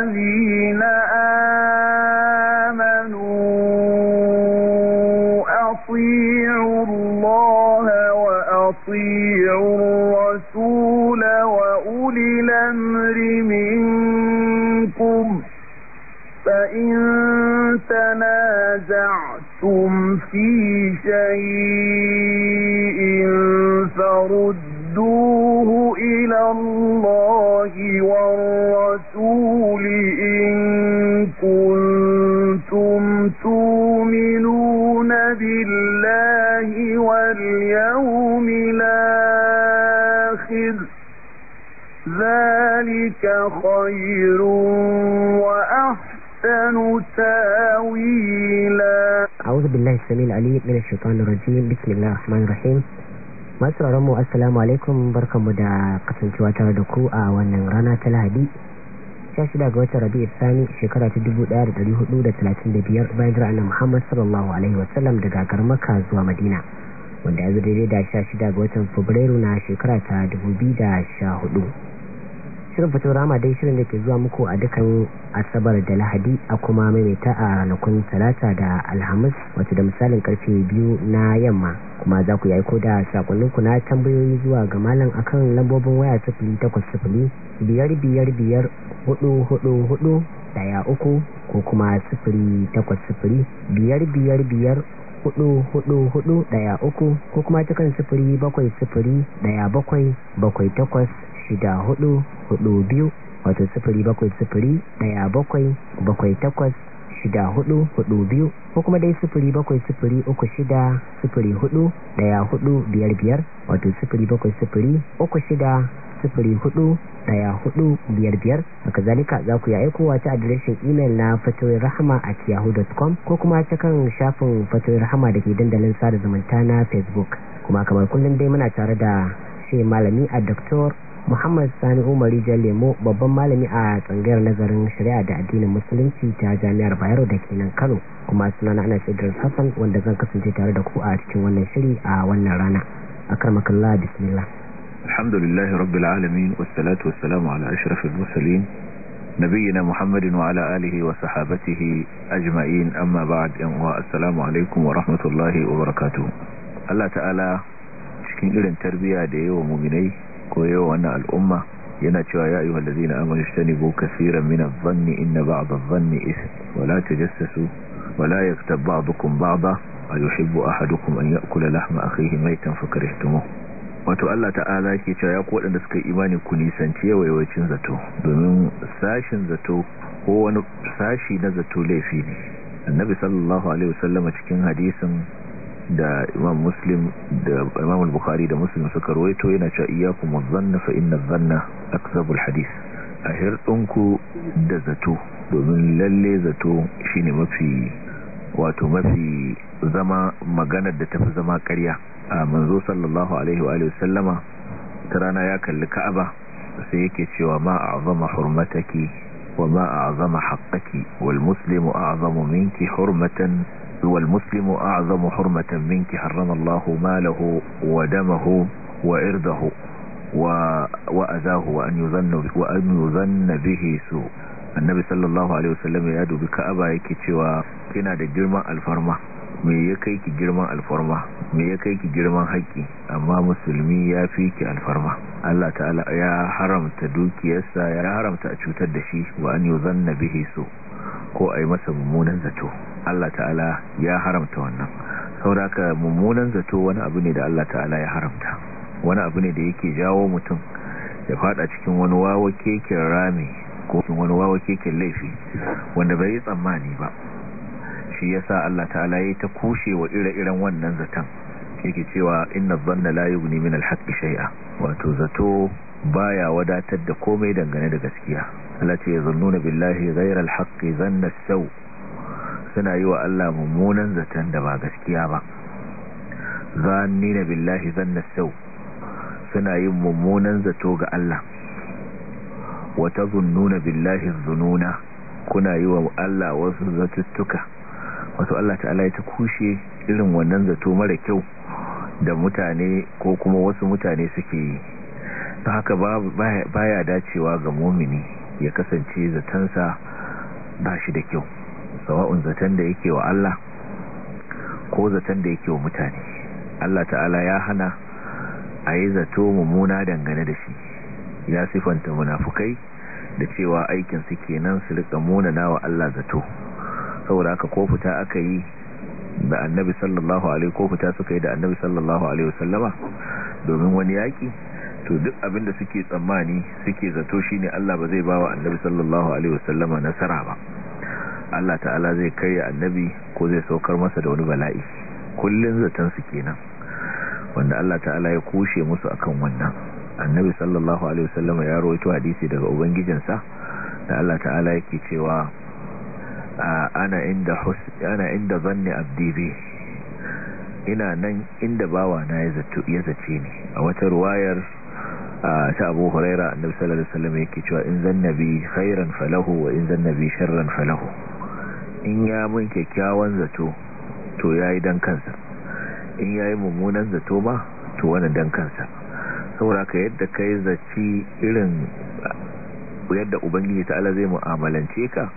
الذين آمنوا أطيعوا الله وأطيعوا الرسول وأولي الأمر منكم فإن تنازعتم في شيء فردوه إلى الله والرسول كنتم تؤمنون بالله واليوم الآخر ذلك خير وأحسن تاويلا أعوذ بالله السميع العليم من الشيطان الرجيم بسم الله الرحمن الرحيم السلام عليكم assalamu alaikum barkanmu da kasancewa tare da ku a wannan rana ta lahadi shida ga watan rabi'u sani shekara ta dubu da da da hudu talatin biyar bayan jira annabi Muhammad sallallahu alaihi wasallam daga garmaka zuwa Madina wanda ya zo daidai da sha shida ga watan Fabrairu na shekara ta hudu. shirin fito rama dai shirin da ke zuwa muku a dukkan asabar da lahadi a kuma maimaita a ranakun talata da alhamis wato da misalin karfe biyu na yamma kuma za ku ko da sakonninku na tambayoyi zuwa ga malam akan lambobin waya sifili takwas sifili biyar biyar biyar hudu hudu hudu daya uku ko kuma sifili takwas sifili biyar biyar biyar hudu hudu hudu daya uku ko kuma cikin sifiri bakwai sifili daya bakwai bakwai takwas shida hudu hudu biyu wato sufuri bakwai sufuri daya bakwai bakwai takwas shida hudu hudu biyu ko kuma dai sufuri bakwai sufuri uku shida sufuri hudu daya hudu biyar biyar wato sufuri bakwai sufuri uku shida sufuri hudu daya hudu biyar biyar zalika za ku yi aiko wata adireshin imel na fatoyin rahama a yahoo.com ko kuma ta kan shafin fatoyin rahama da ke dandalin sada zumunta na facebook kuma kamar kullum dai muna tare da shi malami a doktor Muhammad Sani Umari Jalemo babban malami a tsangayar nazarin shari'a da addinin musulunci ta Jami'ar Bayero da ke nan Kano kuma sunana ana shaidar Hassan wanda zan kasance tare da ku a cikin wannan shiri a wannan rana akramakallah bismillah alhamdulillahi rabbil alamin wassalatu wassalamu ala ashrafil mursalin nabiyina Muhammadin wa ala alihi wa sahabatihi ajma'in amma ba'd yan uwa assalamu alaikum wa rahmatullahi wa barakatuh Allah ta'ala cikin irin tarbiya da yawa mu'minai koyo wannan al'umma yana cewa ya ayyuhal ladzina amanu ishtanibu kaseeran min adh-dhanni inna ba'da adh-dhanni ithm wa la tajassasu wa la yaktab ba'dukum ba'da hadu kuma an ya'kula lahma akhihi maytan fakarihtumuh wato Allah ta'ala ke cewa ya ku waɗanda suka yi imani ku nisanci yawancin zato domin sashin zato ko wani sashi na zato laifi ne annabi sallallahu alaihi wasallama cikin hadisin da imam muslim da imam al-bukhari da muslim suka rawaito yana cewa iyyakum waz-zanna fa inna dhanna akzabul hadith a hirdinku da zato domin lalle zato shine mafi wato mafi zama maganar da tafi zama ƙarya a manzo sallallahu alaihi wa sallama ta rana ya kalli ka'aba sai yake cewa ma a'zama hurmataki wa ma a'zama haqqaki wal muslimu a'zamu minki hurmatan والمسلم أعظم حرمة منك حرم الله ماله ودمه وإرضه وأذاه وأن يظن, وأن يظن به سوء annabi sallallahu alaihi wasallam ya dubi ka'aba yake cewa kina da girman alfarma me ya kai ki girman alfarma me ya kai ki girman haƙƙi amma musulmi ya fi ki alfarma Allah ta'ala ya haramta dukiyarsa ya haramta a cutar da shi wa an yuzanna bihi su ko ai masa mummunan zato Allah ta'ala ya haramta wannan sauraka mummunan zato wani abu ne da Allah ta'ala ya haramta wani abu ne da yake jawo mutum ya fada cikin wani wawa keken rami ko cikin wani wawa laifi wanda bai tsammani ba shi yasa Allah ta'ala ya ta kushe wa ire-iren wannan zaton yake cewa inna dhanna la yughni min al shai'a shay'a wato zato baya wadatar da komai dangane da gaskiya Allah ce zannuna billahi ghayra al-haqqi zanna as-saw suna yi wa Allah mummunan zaton da ba gaskiya ba zanni na billahi zanna sau suna yin mummunan zato ga Allah wata zununa billahi zununa kuna yi wa Allah wasu zatuttuka wasu Allah ta'ala ya ta kushe irin wannan zato mara kyau da mutane ko kuma wasu mutane suke yi ta haka baya dacewa ga momini ya kasance zatonsa ba shi da kyau sawa'un zaton da yake wa Allah ko zaton da yake wa mutane Allah ta'ala ya hana a yi zato mummuna dangane da shi ya sifanta munafukai da cewa aikin su kenan su rika munana wa Allah zato saboda haka ko fita aka yi da annabi sallallahu alaihi ko fita suka yi da annabi sallallahu alaihi wasallama domin wani yaki to duk abin da suke tsammani suke zato shine Allah ba zai bawa annabi sallallahu alaihi wasallama nasara ba Allah ta'ala zai karya annabi ko zai saukar masa da wani bala'i kullun zaton su kenan wanda Allah ta'ala ya kushe musu akan wannan annabi sallallahu alaihi wasallam ya rawaito hadisi daga ubangijinsa da Allah ta'ala yake cewa ana inda hus ana inda zanni abdi bi ina nan inda bawa na ya zato ya zace ni a wata ruwayar ta Abu Huraira annabi sallallahu alaihi wasallam yake cewa in bi khairan falahu wa in bi sharran falahu in ya mun kyakkyawan zato to ya yi don kansa in ya yi mummunan zato ba to wani don kansa saboda ka yadda ka yi zaci irin yadda ubangiji ta'ala zai mu'amalance ka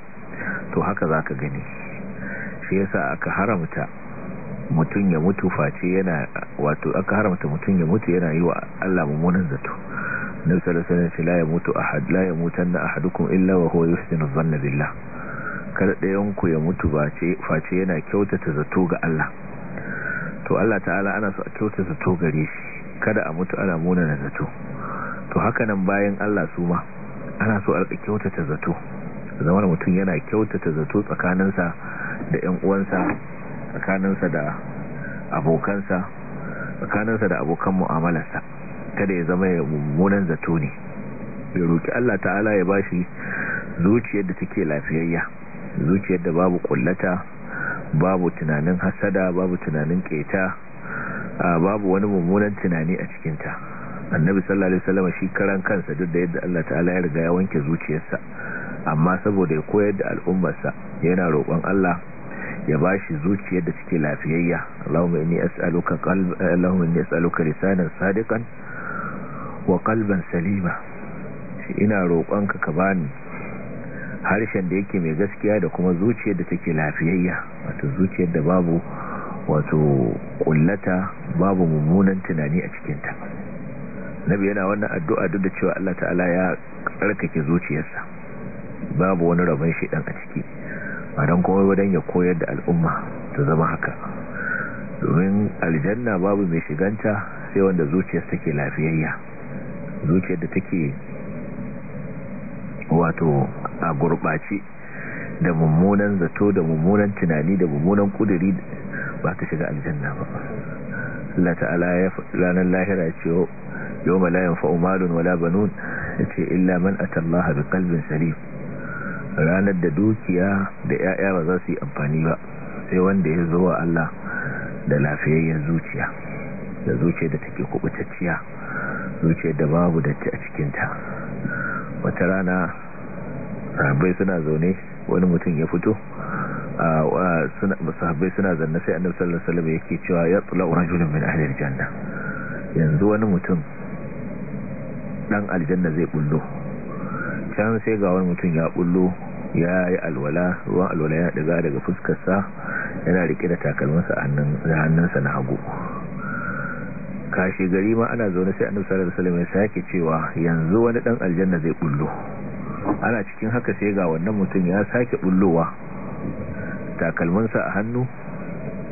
to haka za ka gani shi yasa aka haramta mutum ya mutu face yana wato aka haramta mutum ya mutu yana yi wa Allah mummunan zato nabi sallallahu alaihi wasallam la yamutu ahad la yamutanna ahadukum illa wa huwa yuhsinu dhanna billah kada ɗayanku ya mutu face yana kyautata zato ga Allah to Allah ta'ala ana so a kyautata zato gare shi kada a mutu ana munana zato to haka nan bayan Allah su ma ana so a kyautata zato zama mutum yana kyautata zato tsakaninsa da ‘yan’uwansa uwansa tsakaninsa da abokansa tsakaninsa da abokan mu'amalarsa kada ya zama ya mummunan zato ne ya roƙi Allah ta'ala ya bashi zuciyar da take lafiyayya zuciyar da babu kullata babu tunanin hasada babu tunanin keta babu wani mummunan tunani a cikinta annabi sallallahu alaihi wasallam shi karan kansa duk da yadda Allah ta'ala ya riga ya wanke zuciyarsa amma saboda ya koyar da al'ummarsa yana roƙon Allah ya ba shi zuciyar da take lafiyayya Allahumma inni as'aluka qalban Allahumma inni as'aluka lisanan sadiqan wa qalban salima ina roƙonka ka bani harshen da yake mai gaskiya da kuma zuciyar da take lafiyayya wato zuciyar da babu wato kullata babu mummunan tunani a cikinta nabi yana wannan addu'a duk da cewa Allah ta'ala ya karkake zuciyarsa babu wani rabon shedan a ciki ba don kuma wadan ya koyar da al'umma ta zama haka domin aljanna babu mai shiganta sai wanda zuciyarsa take lafiyayya zuciyar da take wato a gurɓace da mummunan zato da mummunan tunani da mummunan kuduri ba ta shiga aljanna ba Allah ta'ala ya ranar lahira ce oh, yau ma layan fa'umalun wala banun ya ce illa man atallaha bi kalbin sarif ranar da dukiya da ‘ya'ya ba za su yi amfani ba sai wanda ya zo wa Allah da lafiyayyen zuciya da zuciya da take kubutacciya zuciya da babu datti a cikinta wata rana rabai suna zaune wani mutum ya fito sahabbai suna zanne sai annabi sallallahu alaihi wasallam yake cewa ya tsula rajulun min ahli aljanna yanzu wani mutum dan aljanna zai bullo can sai ga wani mutum ya bullo ya yi alwala ruwan alwala ya daga daga fuskarsa yana rike da takalmansa a hannunsa na hagu kashi gari ma ana zaune sai annabi sallallahu alaihi wasallam ya sake cewa yanzu wani dan aljanna zai bullo ana cikin haka sai ga wannan mutum ya sake bullowa takalmansa a hannu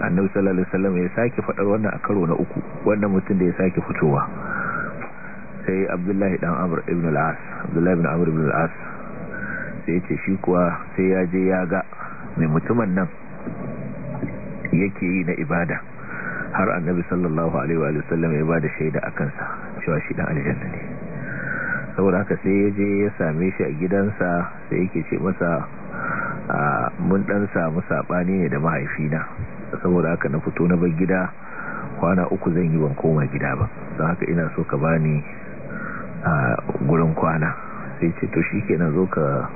annabi sallallahu alaihi wasallam ya sake fadar wannan a karo na uku wannan mutum da ya sake fitowa sai abdullahi dan amr ibn al-as abdullahi ibn amr ibn al-as sai yace shi kuwa sai ya je ya ga mai mutumin nan yake yi na ibada har annabi sallallahu alaihi wa sallam ya bada shaida a kansa cewa shi dan aljanna ne saboda haka sai ya je ya same shi a gidansa sai yake ce masa mun dan mu sabani ne da mahaifina saboda haka na fito na bar gida kwana uku zan yi ban koma gida ba don haka ina so ka bani a gurin kwana sai ce to shikenan zo ka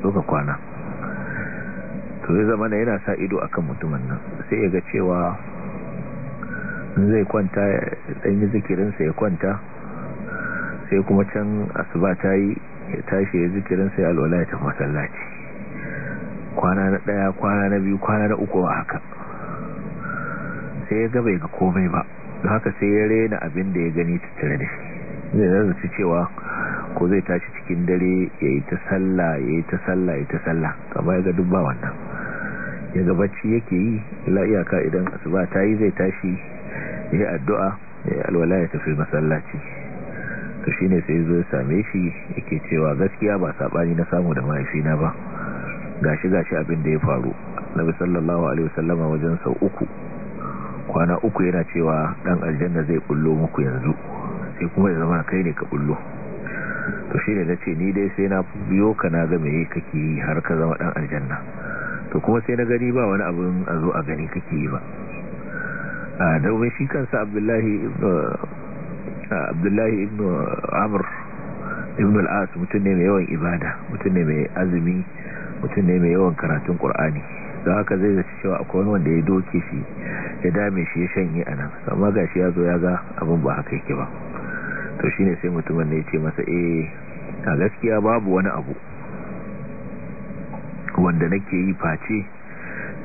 zo ka kwana to zai zama na yana sa ido akan mutumin nan sai ya ga cewa zai kwanta dan yi zikirinsa ya kwanta sai kuma can asuba ta yi ya tashi ya zikirinsa ya alwala ya tafi masallaci kwana na daya kwana na biyu kwana na uku haka sai ya gaba ga komai ba haka sai ya rena abin da ya gani tattare da shi zai zarci cewa ko zai tashi cikin dare ya yi ta sallah ya yi ta sallah ya yi ta sallah kamar ya ga dubba wannan ya gabaci yake yi la'iyaka idan asuba ta yi zai tashi yi addu'a ya alwala ya tafi masallaci to shine sai zo ya same shi yake cewa gaskiya ba saɓani na samu da mahaifina ba gashi gashi abin da ya faru nabi sallallahu alaihi wasallama wajen sau uku kwana uku yana cewa dan aljanna zai bullo muku yanzu sai kuma ya zama kai ne ka bullo to shine nace ni dai sai na biyo ka na ga meye kake yi har ka zama dan aljanna to kuma sai na gani ba wani abin a zo a gani kake yi ba don shi kansa abdullahi abdullahi ibn amr ibn al'as mutum ne mai yawan ibada mutum ne mai azumi mutum ne mai yawan karatun ƙur'ani don haka zai zaci cewa akwai wanda ya doke shi ya dame shi ya shanye a nan amma ga shi ya zo ya ga abin ba haka yake ba to shi ne sai mutumin da ya ce masa eh a gaskiya babu wani abu wanda nake yi face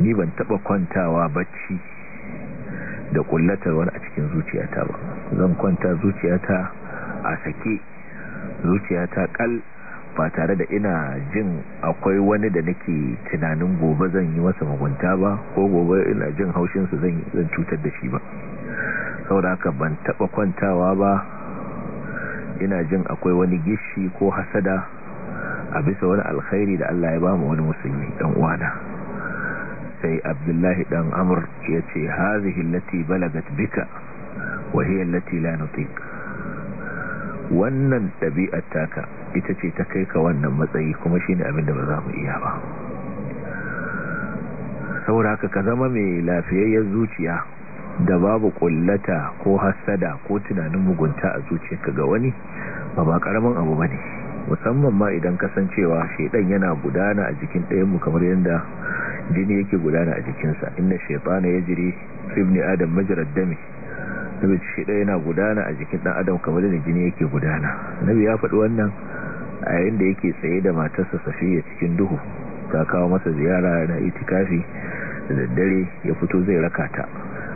ni ban taba kwantawa bacci da kullatar wani a cikin zuciyata ba zan kwanta zuciyata a sake zuciyata kal ba tare da ina jin akwai wani da nake tunanin gobe zan yi masa mugunta ba ko gobe ina jin haushinsu zan cutar da shi ba saboda haka ban taba kwantawa ba ina jin akwai wani gishi ko hasada a bisa wani alkhairi da Allah ya ba mu wani musulmi dan uwana sai abdullahi dan amur ya ce hazihi lati balagat bika wa hiya lati la wannan ɗabi'ar taka ita ce ta kai ka wannan matsayi kuma shine abin da ba za mu iya ba saura ka ka zama mai lafiyayyar zuciya da babu kullata ko hasada ko tunanin mugunta a zuciyarka ga wani ba ba karamin abu ne musamman ma idan kasancewa shedan yana gudana a jikin ɗayan mu kamar yadda jini yake gudana a jikinsa inna shaifana ya jiri ibni adam majirar dami nabi shi dai yana gudana a jikin dan adam kamar da jini yake gudana nabi ya faɗi wannan a yayin da yake tsaye da matarsa safiya cikin duhu ta kawo masa ziyara na itikafi da daddare ya fito zai raka ta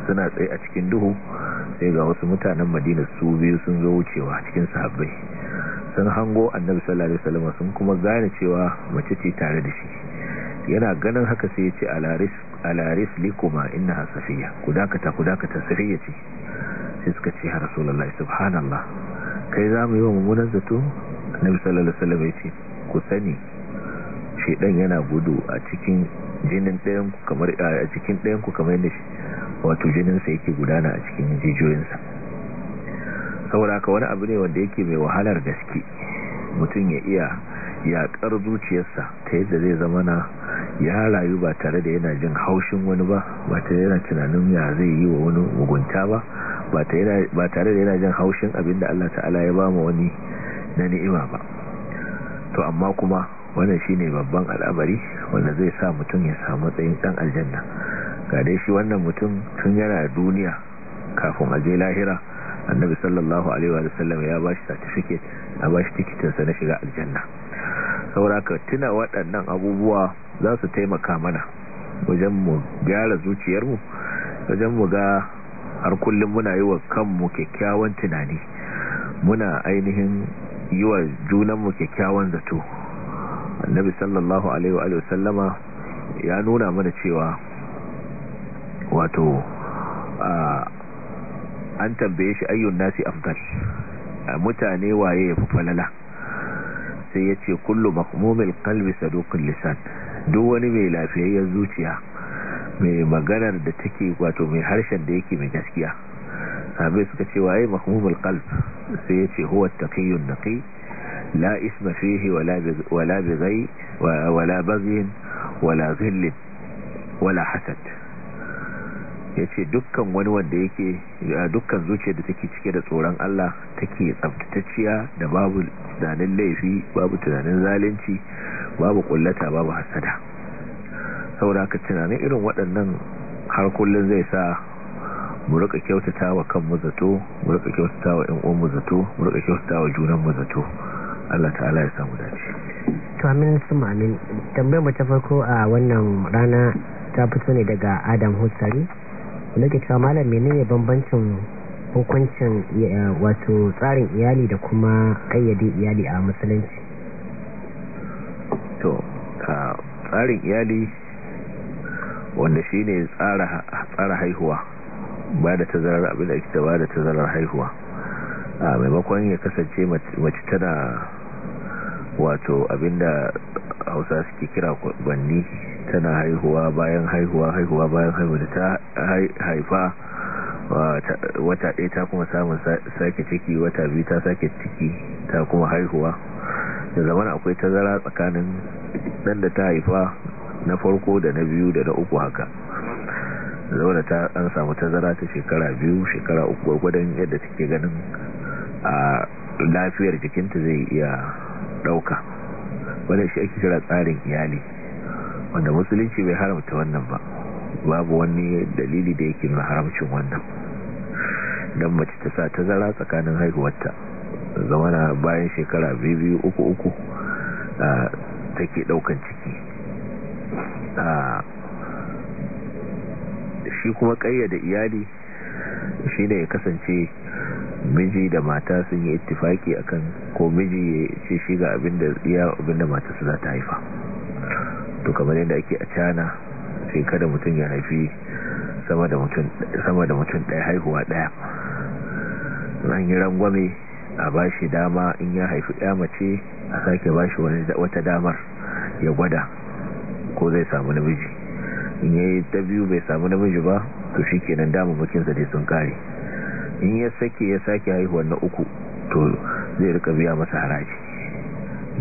suna tsaye a cikin duhu sai ga wasu mutanen madina su biyu sun zo wucewa cikin sahabbai sun hango annabi sallallahu alaihi wasallam sun kuma gane cewa mace ce tare da shi yana ganin haka sai ya ce alaris likuma inna safiya ku dakata ku dakata safiya ce sai suka ce ya su subhanallah kai za mu yi wa mummunan zato na misalar alaihi ya ce ku sani shedan yana gudu a cikin jinin ɗayanku kamar a cikin kamar yadda wato jinin sa yake gudana a cikin jijiyoyinsa. saboda haka wani abu ne wanda yake mai wahalar gaske mutum ya iya yaƙar zuciyarsa ta yadda zai zama na ya rayu ba tare da yana jin haushin wani ba ba tare yana tunanin ya zai yi wa wani mugunta ba ba tare da yana jin haushin abin da Allah ta'ala ya ba mu wani na ni'ima ba to amma kuma wannan shi ne babban al'abari wanda zai sa mutum ya samu matsayin ɗan aljanna ga dai shi wannan mutum tun yana duniya kafin aje lahira annabi sallallahu alaihi wa sallam ya bashi certificate a ba bashi sa na shiga aljanna sauraka tuna waɗannan abubuwa za su taimaka mana wajen mu gyara zuciyarmu wajen mu ga har kullum muna yi wa kanmu kyakkyawan tunani muna ainihin yi wa junanmu kyakkyawan zato annabi sallallahu alaihi wa sallama ya nuna mana cewa wato an tambaye shi ayyun nasi afdal mutane waye ya fi falala sai ya ce kullu makmumil kalbi sadukun lisan duk wani mai lafiyayyar zuciya mai maganar da take wato mai harshen da yake mai gaskiya sabai suka ce waye makmumil kalb sai ya ce huwa takiyun naqi la isma fihi wala wala bazai wala bazin wala zillin wala hasad ya ce dukkan wani wanda yake dukkan zuciya da take cike da tsoron Allah take tsabtacciya da babu tunanin laifi babu tunanin zalunci babu kullata babu hasada saboda ka tunanin irin waɗannan har kullun zai sa mu rika kyautata wa kanmu zato mu rika kyautata wa ƴan mu zato mu rika kyautata wa junan mu zato Allah ta'ala ya samu dace to amin su amin tambayar mu ta farko a wannan rana ta fito ne daga Adam Hussari ke cewa malam menene bambancin hukuncin eh, wato tsarin iyali da kuma kayyade iyali a musulunci to tsarin iyali wanda shi ne tsara haihuwa ba da tazarar abin da ita ba da tazarar haihuwa a maimakon ya kasance mace tana wato abinda hausa suke kira banni tana haihuwa bayan haihuwa haihuwa bayan haihuwa da ta haifa wata ɗaya ta kuma samun sake ciki wata biyu ta sake ciki ta kuma haihuwa da zaman akwai tazara tsakanin ɗan da ta haifa na farko da na biyu da na uku haka zaune ta an samu tazara ta shekara biyu shekara uku gwagwadon yadda take ganin a lafiyar jikinta zai iya ɗauka wadda shi ake kira tsarin iyali wanda musulunci bai haramta wannan ba babu wani dalili da yake nuna haramcin wannan don mace ta sa ta zara tsakanin haihuwarta zamana bayan shekara biyu uku uku take daukan ciki shi kuma kayyada iyali shi ne ya kasance miji da mata sun yi ittifaki akan ko miji ya ce shi ga abinda iya abinda mata su za ta haifa to kamar yadda ake a cana sai kada mutum ya haifi sama da mutum ɗaya haihuwa ɗaya nan yi rangwame a ba shi dama in ya haifi ɗaya mace a sake ba shi wata damar ya gwada ko zai samu namiji in ya yi ta biyu bai samu namiji ba to shi kenan damammakinsa dai sun kare in ya sake ya sake haihuwa na uku to zai rika biya masa haraji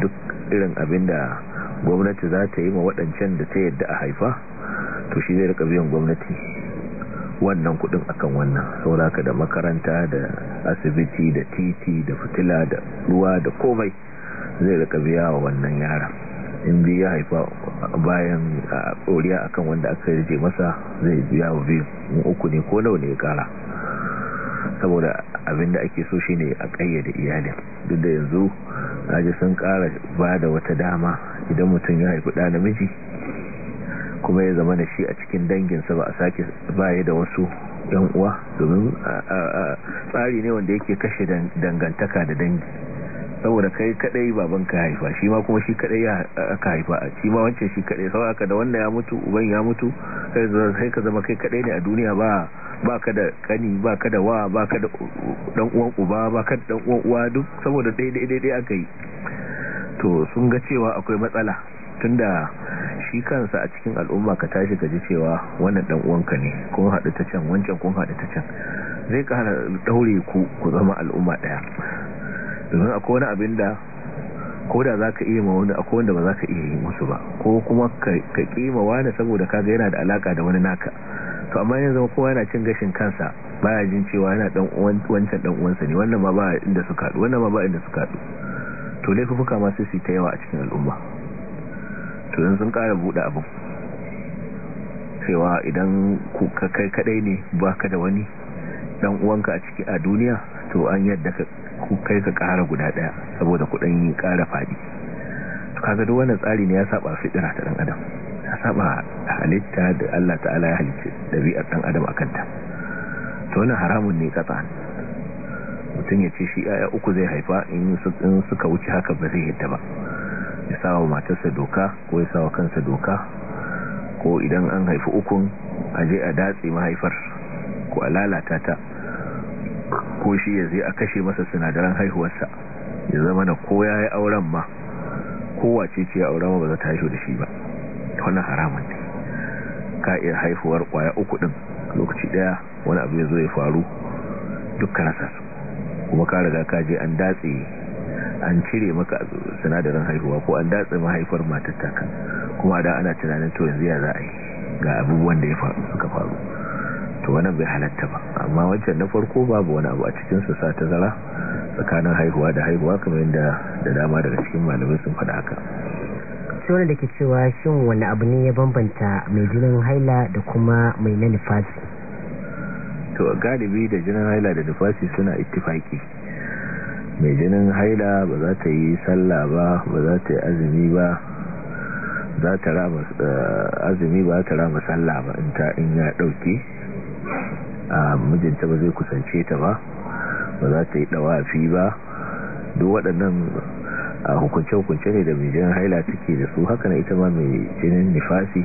duk irin abin da gwamnati za ta yi ma waɗancan da ta yadda a haifa to shi zai rika biyan gwamnati wannan kudin akan wannan sauraka da makaranta da asibiti da titi da fitila da ruwa da komai zai rika biya wa wannan yara in biyu ya haifa bayan a ɗoriya akan wanda aka rije masa zai biya wa biyu uku ne ko nau ne ya kara saboda abinda ake so shine a kayyade iyalin duk da yanzu aji sun kara ba da wata dama idan mutum ya haifi da namiji kuma ya zama da shi a cikin danginsa ba a sake baya da wasu yan uwa domin tsari ne wanda yake kashe dangantaka da dangi saboda kai kadai baban ka haifa shi ma kuma shi kadai ya ka haifa shi ma wancan shi kadai sau da wannan ya mutu uban ya mutu sai ka zama kai kadai ne a duniya ba baka da kani baka da wa baka da dan uwan uba baka da dan uwan uwa duk saboda daidai daidai aka yi to sun ga cewa akwai matsala tunda shi kansa a cikin al'umma ka tashi ka ji cewa wannan dan uwanka ne kun haɗu ta can wancan kun haɗu ta can zai kara daure ku ku zama al'umma daya domin akwai wani abin da ko da za ka iya ma wani akwai wanda ba za ka iya yi musu ba ko kuma ka kima wani saboda kaga yana da alaka da wani naka to amma yanzu zama kowa yana cin gashin kansa baya jin cewa yana dan wancan dan uwansa ne wannan ma ba inda suka haɗu wannan ma ba inda suka haɗu to laifuka ma sai su ta yawa a cikin al'umma to yanzu sun ƙara buɗe abin cewa idan ku kai kadai ne baka da wani dan uwanka a ciki a duniya to an yadda ka kai ka kara guda ɗaya saboda kuɗin ƙara faɗi to kaga duk wannan tsari ne ya saba fitira ta dan adam a saba halitta da Allah ta'ala ya halicci ɗabi'ar ɗan adam a kanta ta wani haramun ne ƙasa mutum ya ce shi yaya uku zai haifa in suka wuce haka ba zai yadda ba ya sawa matarsa doka ko ya sawa kansa doka ko idan an haifi ukun a je a datse mahaifar ko a lalata ta ko shi ya zai a kashe masa sinadaran haihuwarsa ya zama na ko ya yi auren ma kowace ce ya auren ba za ta haihu da shi ba wannan haramun ne ka iya haifuwar kwaya uku din lokaci ɗaya wani abu ya zo ya faru dukkan rasa su kuma ka riga ka je an datse an cire maka sinadarin haihuwa ko an datse mahaifar matattaka kuma da ana tunanin to yanzu ya za a yi ga abubuwan da ya faru suka faru to wannan bai halatta ba amma wancan na farko babu wani abu a cikin su sa tazara tsakanin haihuwa da haihuwa kamar yadda da dama daga cikin malamai sun faɗa haka wani da ke cewa shin wani abu ne ya bambanta mai jinin haila da kuma mai na nufasi to galibi da jinin haila da nufasi suna ittifaki mai jinin haila ba za ta yi sallah ba ba za ta yi azumi ba za ta rama eh, azumi ba ta rama sallah ba in ta in ya dauke a ah, mijinta ba zai kusance ta ba ba za ta yi dawafi ba duk waɗannan a hukunce-hukunce ne da mai jinin haila take da su haka na ita ma mai jinin nifasi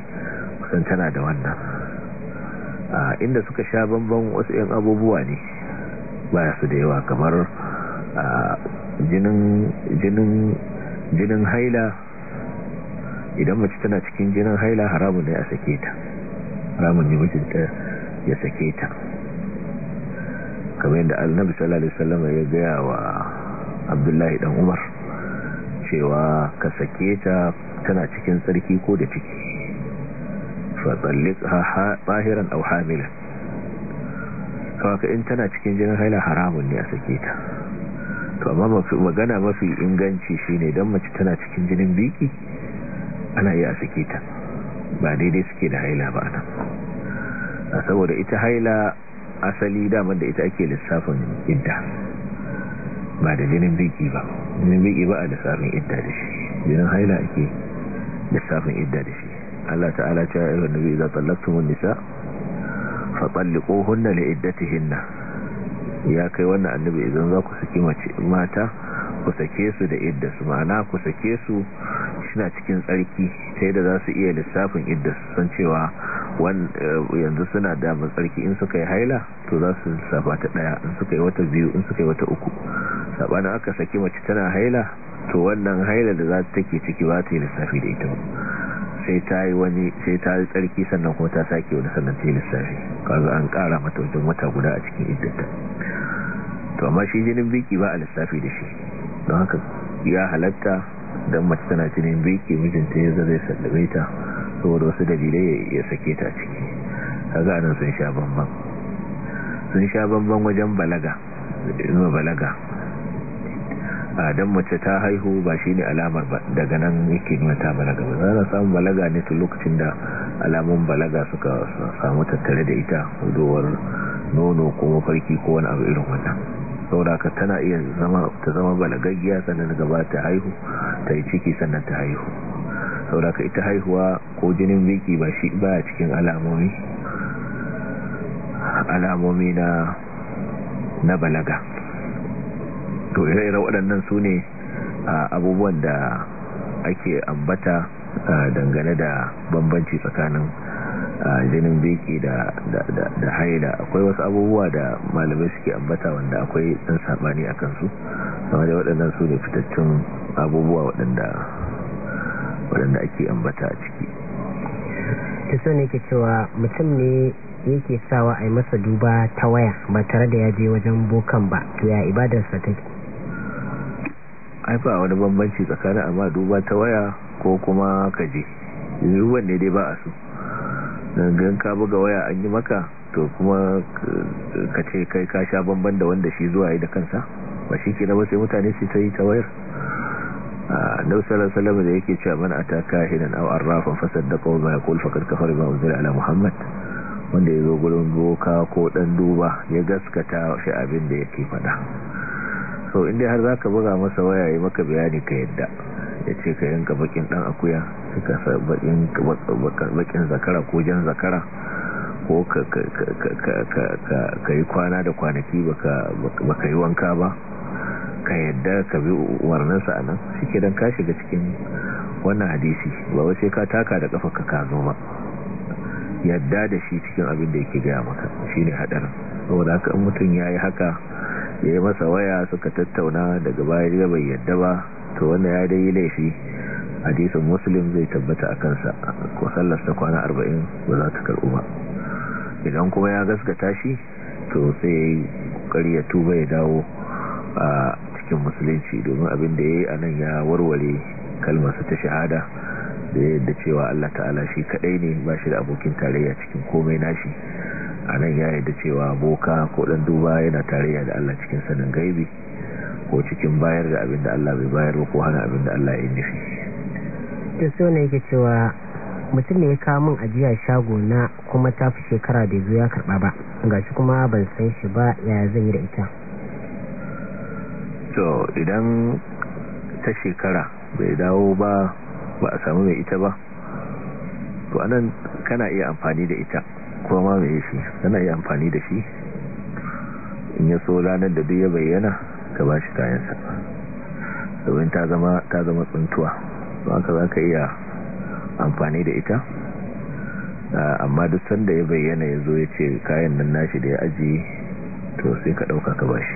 kusan tana da wannan inda suka sha bamban wasu 'yan abubuwa ne ba su da yawa kamar jinin haila idan mace tana cikin jinin haila haramun ne a sake ta haramun ne mijinta ya sake ta kamar yadda annabi sallallahu alaihi wasallam ya gaya wa abdullahi dan umar cewa ka sake ta tana cikin tsarki ko da ciki fatsallika bahiran au hamilin kawaka in tana cikin jinin haila haramun ne a sake ta to amma magana mafi inganci shine don mace tana cikin jinin biki ana iya a sake ta ba daidai suke da haila ba nan saboda ita haila asali damar da ita ake lissafin idda ba da jinin biki ba ne biki ba a lissafin idda da shi jinin haila ake safin idda da shi Allah ta'ala ce ya ayyuhan nabi idza tallaqtumun nisa fa talliquhunna li iddatihinna ya kai wannan annabi idan za ku saki mace mata ku sake su da idda su ma'ana ku sake su suna cikin tsarki sai da za su iya lissafin idda su san cewa eh, yanzu suna damar tsarki in suka yi haila to za su lissafa ta daya in suka yi wata biyu in suka yi wata uku sabanin aka saki mace tana haila to wannan haila da za ta take ciki ba ta yi lissafi da ita sai ta yi wani sai ta yi tsarki sannan kuma ta sake wani sannan ta yi lissafi kazu an kara mata wajen wata guda a cikin iddata to amma shi jinin biki ba a lissafi da shi don haka ya halatta don mace tana jinin biki mijinta ya zai sallame ta saboda wasu dalilai ya sake ta ciki kaga anan sun sha bambam sun sha bambam wajen balaga don mace ta haihu ba shi ne alamar ba daga nan yake nuna balaga ba za samu balaga ne tun lokacin da alamun balaga suka samu tattare da ita hudowar nono ko mafarki ko wani abu irin wannan sauraka tana iya ta zama balagaggiya sannan gaba ta haihu ta yi ciki sannan ta haihu sauraka ita haihuwa ko jinin biki ba shi ba cikin alamomi na balaga to ire-ire waɗannan su ne abubuwan da ake ambata dangane da bambanci tsakanin jinin beki da haida akwai wasu abubuwa da malamai suke ambata wanda akwai ɗan saɓani a kansu amma da waɗannan su ne fitattun abubuwa waɗanda ake ambata a ciki ta so ne ke cewa mutum ne yake sawa a yi masa duba ta waya ba tare da ya je wajen bokan ba to ya ibadarsa take haifa wani bambanci tsakanin amma duba ta waya ko kuma kaje ruwan ne dai ba a so gangan ka buga waya an yi maka to kuma ka ce kai ka sha bamban da wanda shi zuwa yi da kansa ba shi ke na wasu mutane su ta yi ta wayar na sallar salama da yake cewa mana ta kahinan au an rafin fasar da kawai mai kulfa karkafar ba wanzar ala muhammad wanda ya zo gudun boka ko dan duba ya gaskata shi abin da yake faɗa. so inda har za buga masa waya yi maka bayani ka yadda ya ce ka yanka bakin dan akuya ka sa bakin zakara ko jan zakara ko ka yi kwana da kwanaki baka yi wanka ba ka yadda ka bi umarninsa a nan shi don ka shiga cikin wannan hadisi ba wace ka taka da kafa ka zo ba yadda da shi cikin abin da yake gaya maka shi ne haɗarin saboda haka in mutum ya haka ya yi masa waya suka tattauna daga baya ya bai yadda ba to wanda ya dai laifi hadisin musulun zai tabbata a kansa ko ta kwana arba'in ba za ta karɓu ba idan kuma ya gaskata shi to sai ya yi ƙari ya tuba ya dawo a cikin musulunci domin abin da ya yi a nan ya warware kalmarsa ta shahada da yadda cewa allah ta'ala shi kaɗai ne ba shi da abokin tarayya cikin komai nashi anan nan ya da cewa boka ko dan duba yana tarayya da Allah cikin sanin gaibi ko cikin bayar da abin da Allah bai bayar ba ko hana abin da Allah ya nufi da so ne yake cewa mutum ne ya kawo min ajiya shago na kuma ta fi shekara da zo ya karɓa ba gashi kuma ban san shi ba ya zan yi da ita to idan ta shekara bai dawo ba ba a samu mai ita ba to anan kana iya amfani da ita kuma ma mai shi yana yi amfani da shi in ya so ranar da duk ya bayyana ka ba shi kayansa domin ta zama tsuntuwa ba ka za ka iya amfani da ita amma duk sanda ya bayyana ya zo ya ce kayan nan nashi da ya ajiye to sai ka ɗauka ka ba shi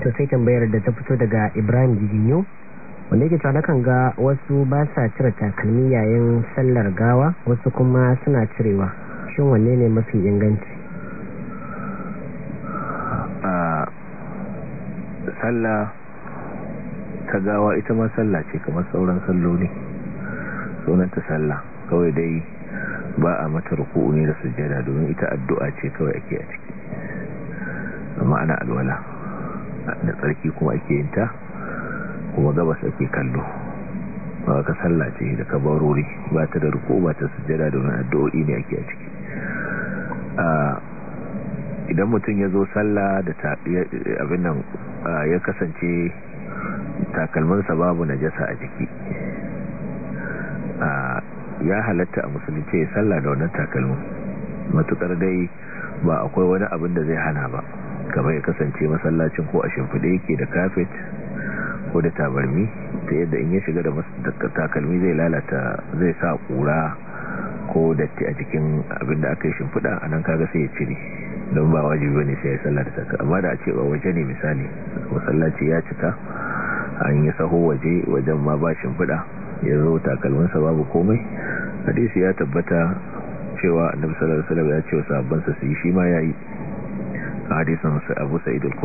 to sai tambayar da ta fito daga ibrahim yau. wanda yake cewa nakan ga wasu ba sa cire takalmi yayin sallar gawa wasu kuma suna cirewa shin wanne ne mafi inganci a sallah ta gawa ita ma sallah ce kamar sauran salloli sunanta sallah kawai dai ba a mata ruku'u ne da sujjada domin ita addu'a ce kawai ake a ciki amma ana alwala da tsarki kuma ake yinta kuma gabas ake kallo ba ka sallace da kabarori ba ta da ruku ba ta sujjada domin addu'o'i ne ake a ciki idan mutum ya zo sallah da abin nan ya kasance takalmansa babu najasa a jiki ya halatta a musulunci ya sallah da wannan takalmin matukar dai ba akwai wani abin da zai hana ba kamar ya kasance masallacin ko a shimfiɗe yake da kafet ko da tabarmi ta yadda in ya shiga da takalmi zai lalata zai sa kura ko datti a jikin abinda aka yi shimfiɗa a nan kaga sai ya cire don ba wajibi ne sai ya sallar da takalmi amma da a ce waje ne misali masallaci ya cika an yi saho waje wajen ma ba shimfiɗa ya zo takalminsa babu komai hadisi ya tabbata cewa annabi sallallahu alaihi ya ce wa sahabbansa su yi shi ma yayi hadisin sa Abu Sa'id al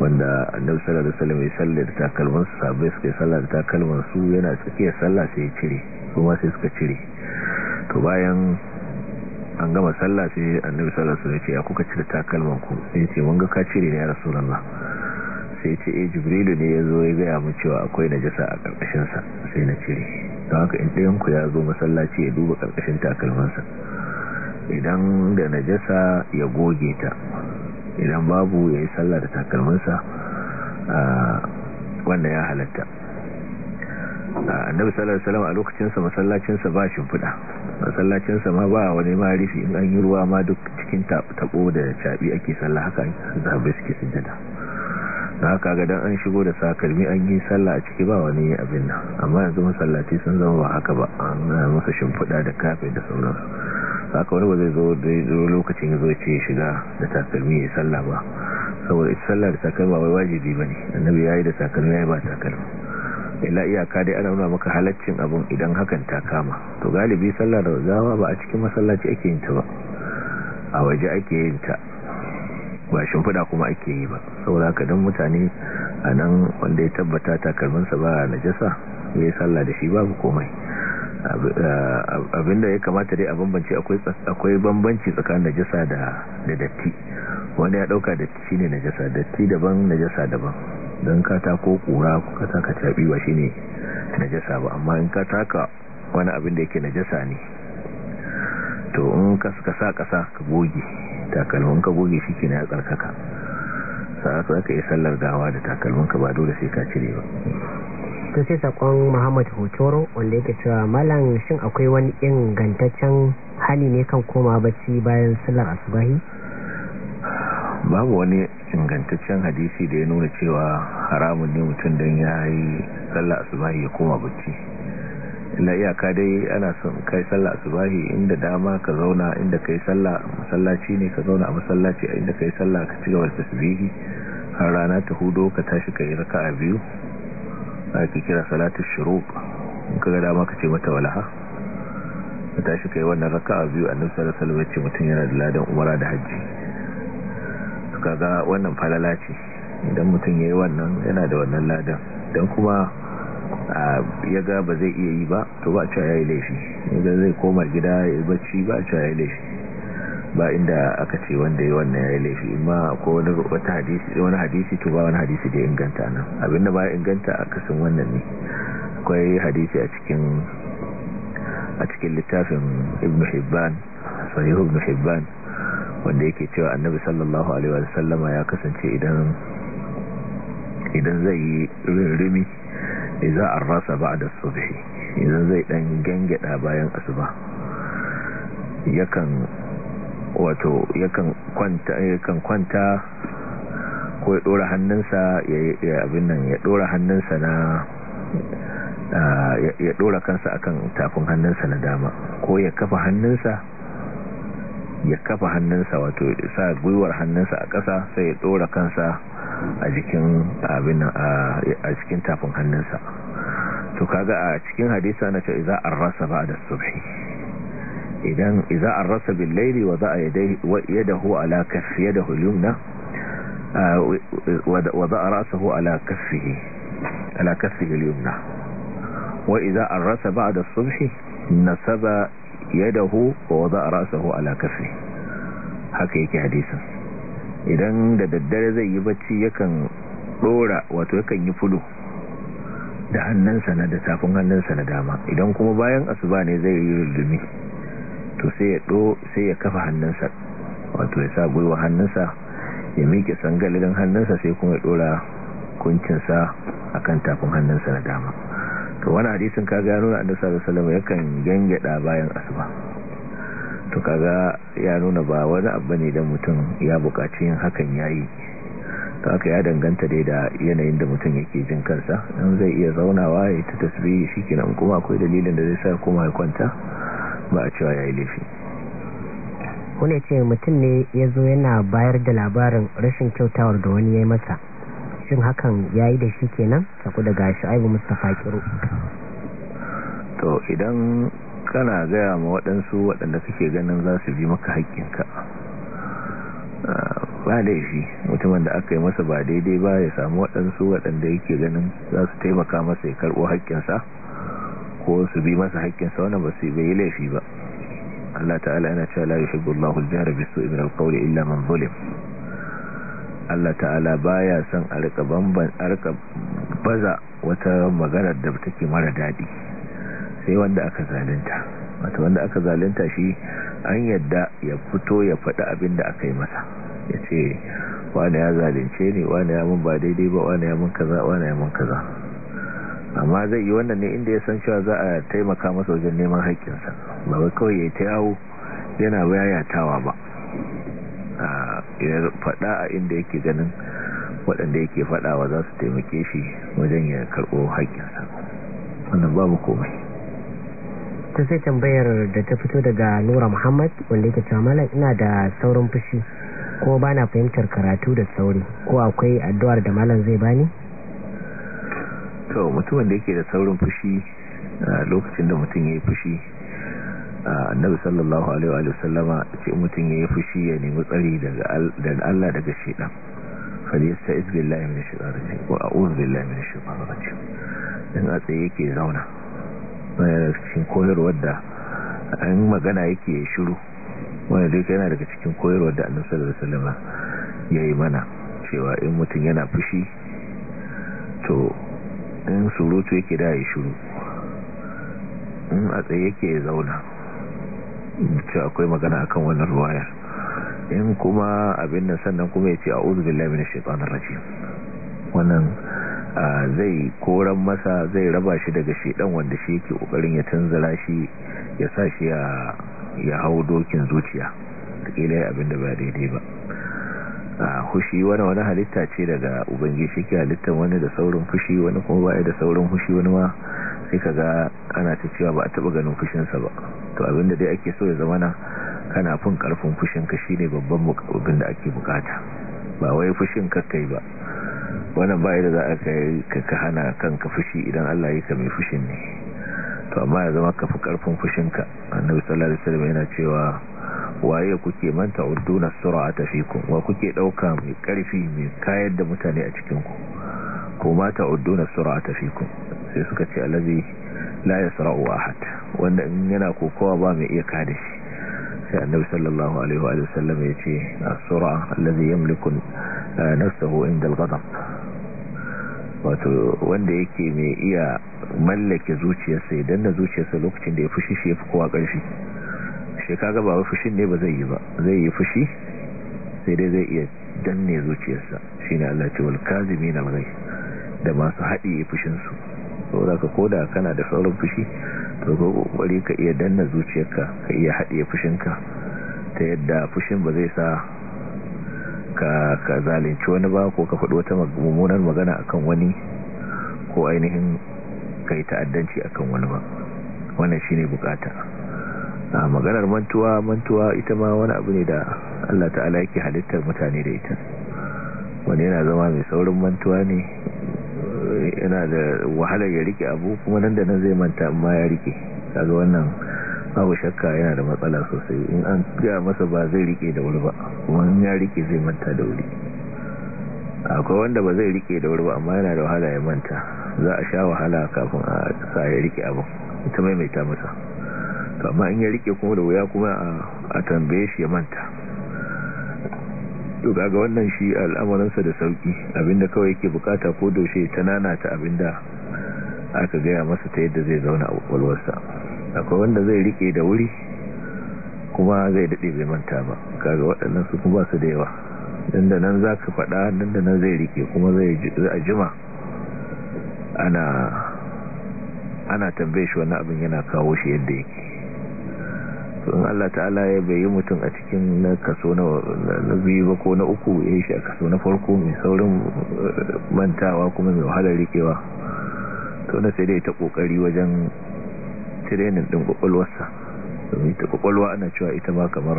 wanda annabi sallallahu alaihi wasallam ya sallar da takalman su sabai suka sallar da takalman su yana tsakiyar sallah sai ya cire kuma sai suka cire to bayan an gama sallah sai annabi sallallahu alaihi wasallam ya ce ya kuka cire takalman ku sai ya ce mun ga ka cire ne ya rasulullah sai ya ce eh jibrilu ne ya zo ya gaya mu cewa akwai najasa a karkashin sa sai na cire don haka in ɗayan ku ya zo masallaci ya duba karkashin sa idan da najasa ya goge ta idan babu ya yi sallah da takalminsa wanda ya halatta annabi sallallahu alaihi wasallam a lokacinsa masallacinsa ba fuda masallacinsa ma ba wani ma in an yi ruwa ma duk cikin tabo da cabi ake sallah haka zaɓe suke sujjada da haka ga dan an shigo da sakalmi an yi sallah a ciki ba wani abin nan amma yanzu masallaci sun zama ba haka ba an masa shimfiɗa da kafe da sauransu haka wani ba zai zo da lokacin ya zo ce shiga da takalmi ya salla ba saboda ita salla da takalma ba wai wajibi ba ne annabi ya yi da takalmi ya ba takalmi illa iyaka dai ana nuna maka halaccin abun idan hakan ta kama to galibi sallar da zawa ba a cikin masallaci ake yin ta ba a waje ake yin ta ba shimfiɗa kuma ake yi ba saboda haka don mutane a nan wanda ya tabbata takalminsa ba najasa ya yi sallah da shi babu komai abinda ya kamata dai a bambanci akwai bambanci tsakanin najasa da datti wani ya dauka datti shine najasa datti daban najasa daban don ka ko kura ka ka tabi ba shine najasa ba amma in ka taka wani abin da yake najasa ne to in ka suka kasa ka goge takalmin ka goge shi ke na ya tsarkaka sa ka yi sallar gawa da takalmin ka ba dole sai ka cire ba to sai sakon muhammad hotoro wanda yake cewa malam shin akwai wani ingantaccen hali ne kan koma bacci bayan sallar asubahi babu wani ingantaccen hadisi da ya nuna cewa haramun ne mutum don ya yi sallar asubahi ya koma bacci illa iyaka dai ana son kai sallar asubahi inda dama ka zauna inda kai sallah masallaci ne ka zauna a masallaci inda kai sallah ka ci gaba da tasbihi har rana ta hudo ka tashi ka yi raka'a biyu ake kira salatul shuruq kaga da maka ce mata walaha ta shi kai wannan raka'a biyu annabi sallallahu alaihi wasallam ce mutum yana da ladan umara da haji kaga wannan falala ce idan mutum yayi wannan yana da wannan ladan dan kuma ya ga ba zai iya yi ba to ba cewa yayi laifi idan zai koma gida ya bacci ba a cewa yayi laifi ba inda aka ce wanda ya wannan ya laifi amma ko wata hadisi wani hadisi to ba wani hadisi da inganta nan abinda ba inganta akasin wannan ne akwai hadisi a cikin a cikin littafin ibn hibban sahih ibn hibban wanda yake cewa annabi sallallahu alaihi wa sallama ya kasance idan idan zai yi rimi rasa arrasa da subhi idan zai dan gangada bayan asuba yakan wato yakan kwanta yakan kwanta ko ya dora hannunsa ya abin nan ya dora hannunsa na ya dora kansa akan tafin hannunsa na dama ko ya kafa hannunsa ya kafa hannunsa wato sa gwiwar hannunsa a ƙasa sai ya dora kansa a jikin abin a cikin tafin hannunsa to kaga a cikin hadisi ana cewa rasa arrasa ba'da subhi idan iza an rasa billaili wa za a yadahu ala kaffi yadahu al-yumna wa za a rasahu ala kaffihi ala kaffihi al-yumna wa iza an rasa ba'da as-subhi nasaba yadahu wa rasa hu ala kafi haka yake hadisin idan da daddare zai yi bacci yakan dora wato yakan yi fudu da hannunsa na da tafin hannunsa na dama idan kuma bayan asuba ne zai yi rundumi to sai ya do sai ya kafa hannunsa wato ya sa gwiwa hannunsa ya miƙe sangalin hannunsa sai kuma ya dora kuncinsa akan tafin hannunsa na dama to wani hadisin kaga ya nuna annisa da salama ya kan gangada bayan asuba to kaga ya nuna ba wani abu ne dan mutum ya bukaci yin hakan ya yi to haka ya danganta dai da yanayin da mutum yake jin kansa in zai iya zaunawa ya ta shi kenan kuma akwai dalilin da zai sa kuma ya kwanta ba a cewa yayi laifi ya ce mutum ne ya zo yana bayar da labarin rashin kyautawar da wani ya yi masa shin hakan ya yi da shi kenan saku daga aibu mustapha kiro to idan kana gaya ma waɗansu waɗanda kake ganin za su bi maka haƙƙinka ah, ba laifi mutumin da aka yi masa ba daidai ba ya samu waɗansu waɗanda yake ganin za su taimaka masa ya karɓo haƙƙinsa ko su bi masa haƙƙinsa wannan ba su bai laifi ba Allah ta'ala yana cewa la yuhibbu Allahu al-jahra bis-su'i min al-qawli illa man zulim Allah ta'ala baya son a rika bamban a baza wata magana da take mara dadi sai wanda aka zalunta wato wanda aka zalunta shi an yadda ya fito ya faɗi abin da aka yi masa yace ce wani ya zalunce ni wani ya mun ba daidai ba wani ya mun kaza wani ya mun kaza amma zai yi wannan ne inda ya san cewa za a taimaka masa wajen neman haƙƙinsa ba wai kawai ya ta yawo yana bayayatawa ba ya faɗa a inda yake ganin waɗanda yake faɗawa za su taimake shi wajen ya karɓo haƙƙinsa wannan babu komai ta sai tambayar da ta fito daga nura muhammad wanda yake cewa malam ina da saurin fushi ko ba na fahimtar karatu da sauri ko akwai addu'ar da malam zai bani to mutumin da yake da saurin fushi lokacin da mutum yayi fushi annabi sallallahu alaihi wa sallama ce mutum yayi fushi ya nemi tsari daga Allah daga shedan falyasta'iz billahi min shaitani rajim wa a'udhu billahi min shaitani rajim dan a tsaye yake zauna bayan cikin koyarwar da an magana yake shiru wanda duk yana daga cikin koyarwar da annabi sallallahu alaihi wa sallama yayi mana cewa in mutum yana fushi to in surutu yake da ya shiru in a tsaye yake ya zauna ce akwai magana akan wannan ruwaya in kuma abin nan sannan kuma ya ce a uzu billahi minash shaitanir wannan zai koran masa zai raba shi daga shedan wanda shi yake kokarin ya tanzara shi ya sa shi ya hau dokin zuciya da kila abin da ba daidai ba hushi wani wani halitta ce daga ubangiji ke halittar wani da saurin fushi wani kuma ba da saurin hushi wani ma sai ka ga ana ta cewa ba a taba ganin fushinsa ba to abinda dai ake so ya zama na kana fin karfin fushinka shi ne babban abin da ake bukata ba wai fushin kakai ba wannan ba da za a kai ka hana kan ka fushi idan Allah yi ka mai fushin ne to amma ya zama ka fi karfin fushinka annabi sallallahu alaihi wasallam yana cewa waye kuke manta urduna sur'ata fikum wa kuke dauka mai karfi mai kayar da mutane a cikin ku ko mata urduna sur'ata fikum sai suka ce allazi la yasra'u ahad wanda in yana kokowa ba mai iya kada shi sai annabi sallallahu alaihi wa sallam ya ce sura allazi yamliku eh, nafsuhu inda al-ghadab wato wanda yake mai iya mallake zuciyarsa idan da zuciyarsa lokacin da ya fushi shi ya fi kowa karfi shi kaga ba wai fushin ne ba zai yi ba zai yi fushi sai dai zai iya danne zuciyarsa shine Allah ce wal kazimin al ghayz da masu haɗi fushin su saboda ka koda kana da saurin fushi to ko kokari ka iya danna zuciyarka ka iya haɗiye fushinka ta yadda fushin ba zai sa ka ka zalunci wani ba ko ka faɗi wata mummunar magana akan wani ko ainihin kai ta'addanci akan wani ba wannan shine bukata a maganar mantuwa mantuwa ita ma wani abu ne da Allah ta'ala yake halittar mutane da ita wani yana zama mai saurin mantuwa ne yana da wahalar ya rike abu kuma nan da nan zai manta amma ya rike kaga wannan babu shakka yana da matsala sosai in an ga masa ba zai rike da wuri ba kuma in ya rike zai manta da wuri akwai wanda ba zai rike da wuri ba amma yana da wahala ya manta za a sha wahala kafin a sa ya rike abu ita maimaita masa amma in ya rike kuma da wuya kuma a tambaye shi ya manta to ga wannan shi al'amuransa da sauki abinda kawai yake bukata ko daushe ta nanata abinda aka gaya masa ta yadda zai zauna a kwakwalwarsa akwai wanda zai rike da wuri kuma zai daɗe bai manta ba kaga waɗannan su kuma su da yawa nan za ka faɗa nan zai rike kuma zai a jima ana ana tambaye shi wani abin yana kawo shi yadda yake in Allah ta'ala ya bayi mutum a cikin na kaso na biyu ba ko na uku ya yi shi a kaso na farko mai saurin eh, mantawa kuma mai wahalar rikewa to na sai dai ta kokari wajen tirenin din kwakwalwarsa domin ta kwakwalwa ana cewa ita ba kamar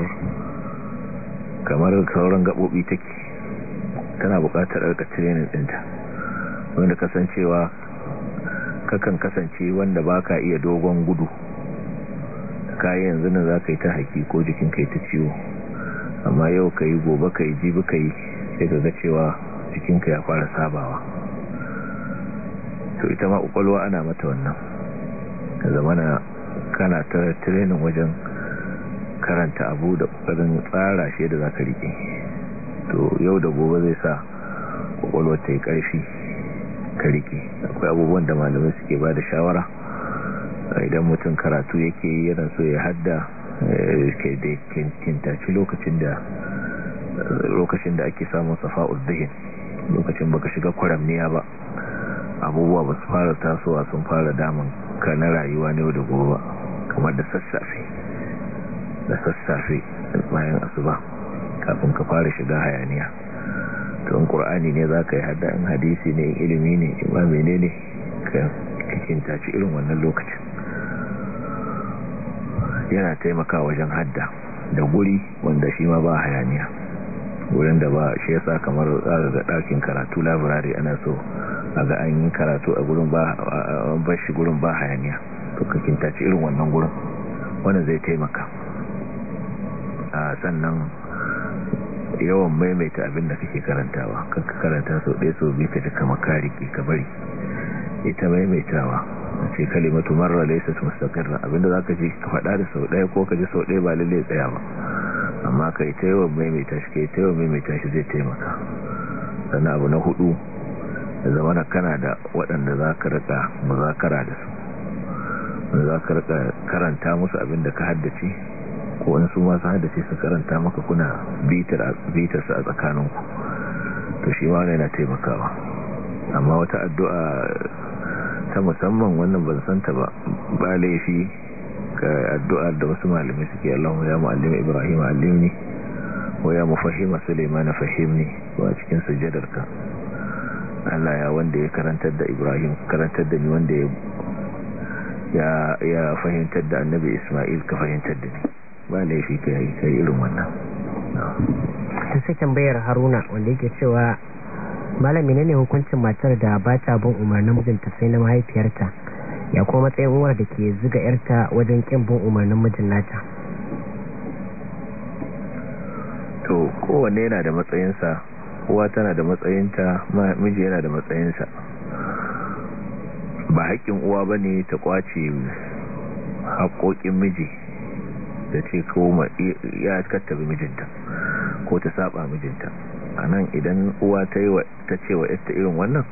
kamar sauran gaɓoɓi take tana buƙatar ɗarka tirenin ɗinta wanda kasancewa kakan kasance wanda baka iya dogon gudu kayan yanzu na za ka yi ta haƙi ko jikin ka yi ta ciwo amma yau ka yi gobe ka yi jibi ka yi sai ka ga cewa ka ya fara sabawa to ita ma ƙwaƙwalwa ana mata wannan ka zamana kana tara tirenin wajen karanta abu da ƙoƙarin tsara shi da za ka riƙe to yau da gobe zai sa ƙwaƙwalwa ta yi ƙarfi ka riƙe akwai abubuwan da malamai suke ba da shawara idan mutum karatu yake yana so ya hadda eh, ke da kintaci lokacin da lokacin da ake samun safa uzdihin lokacin baka shiga kwaramniya ba abubuwa ba su fara tasowa sun fara damun ka na rayuwa ne da gowa kamar da sassafe da sassafe bayan asuba kafin ka fara shiga hayaniya tun kur'ani ne za ka yi hada in hadisi ne ilimi ne ba menene ka kintaci taci irin wannan lokacin yana taimaka wajen hadda da guri wanda shi ma ba hayaniya wurin da ba shi yasa kamar tsara da ɗakin karatu labirari ana so a ga an yi karatu a gurin ba shi gurin ba hayaniya to ta tace irin wannan gurin wannan zai taimaka a sannan yawan maimaita abin da kake karantawa kanka karanta sau ɗaya sau biyu ka ji kama kariki ka bari ita maimaitawa ce kalimatu marra laysat mustaqirra abinda zaka ji ka faɗa da sau ɗaya ko ka ji sau ɗaya ba lalle tsaya ba amma kai taiwa mai tashi kai taiwa maimaita shi zai taimaka sannan abu na hudu da zamana kana da waɗanda za ka rika muzakara da su za ka rika karanta musu abinda ka haddace ko wani su masu haddace su karanta maka kuna bitar su a tsakaninku to shi ma yana taimakawa amma wata addu'a ta musamman wannan ban ta ba ba laifi ga addu'a da wasu malamai suke Allahu ya mu'allim Ibrahim allimni wa ya mufahhim Sulaiman fahimni wa cikin sujjadarka Allah ya wanda ya karantar da Ibrahim karantar da ni wanda ya ya ya fahimtar da Annabi Isma'il ka fahimtar da ni ba laifi kai kai irin wannan sai tambayar Haruna wanda yake cewa malam ne hukuncin matar da ba ta bin umarnin mijinta sai na mahaifiyarta ya kuma matsayin uwar da ke ziga yarta wajen kin bin umarnin mijin nata to kowanne yana da matsayinsa uwa tana da matsayinta miji yana da matsayinsa ba haƙƙin uwa ba ne ta kwace haƙoƙin miji da ce ko ya kattabi mijinta ko ta saba mijinta a idan uwa ta yi ta ce wa ita irin wannan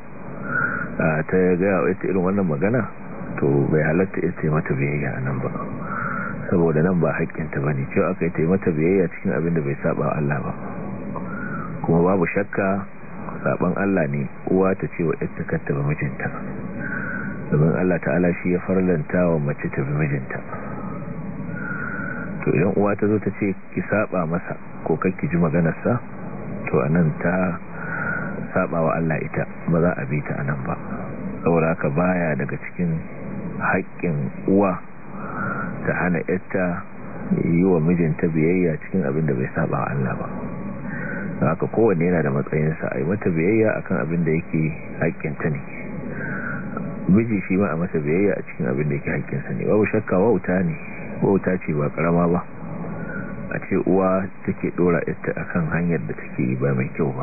ta gaya wa ita irin wannan magana to bai halatta ita mata biyayya a nan ba saboda nan ba haƙƙinta ba ne cewa aka yi mata biyayya cikin abin da bai saba Allah ba kuma babu shakka saban Allah ne uwa ta ce wa ita kanta ba mijinta domin Allah ta'ala shi ya farlanta wa mace ta bi mijinta to idan uwa ta zo ta ce ki saba masa ko ki ji maganarsa a anan ta sabawa Allah ita ba za a bi ta anan ba saboda ka baya daga cikin haƙƙin uwa ta hana yarta yi wa mijinta biyayya cikin abin da bai saba wa Allah ba haka kowanne yana da matsayinsa a yi mata biyayya akan abin da yake haƙƙinta ne miji shi ma a mata biyayya a cikin abin da yake haƙƙinsa ne babu shakka wauta ne wauta ce ba ƙarama ba a ce uwa take dora ita akan hanyar da take ba mai kyau ba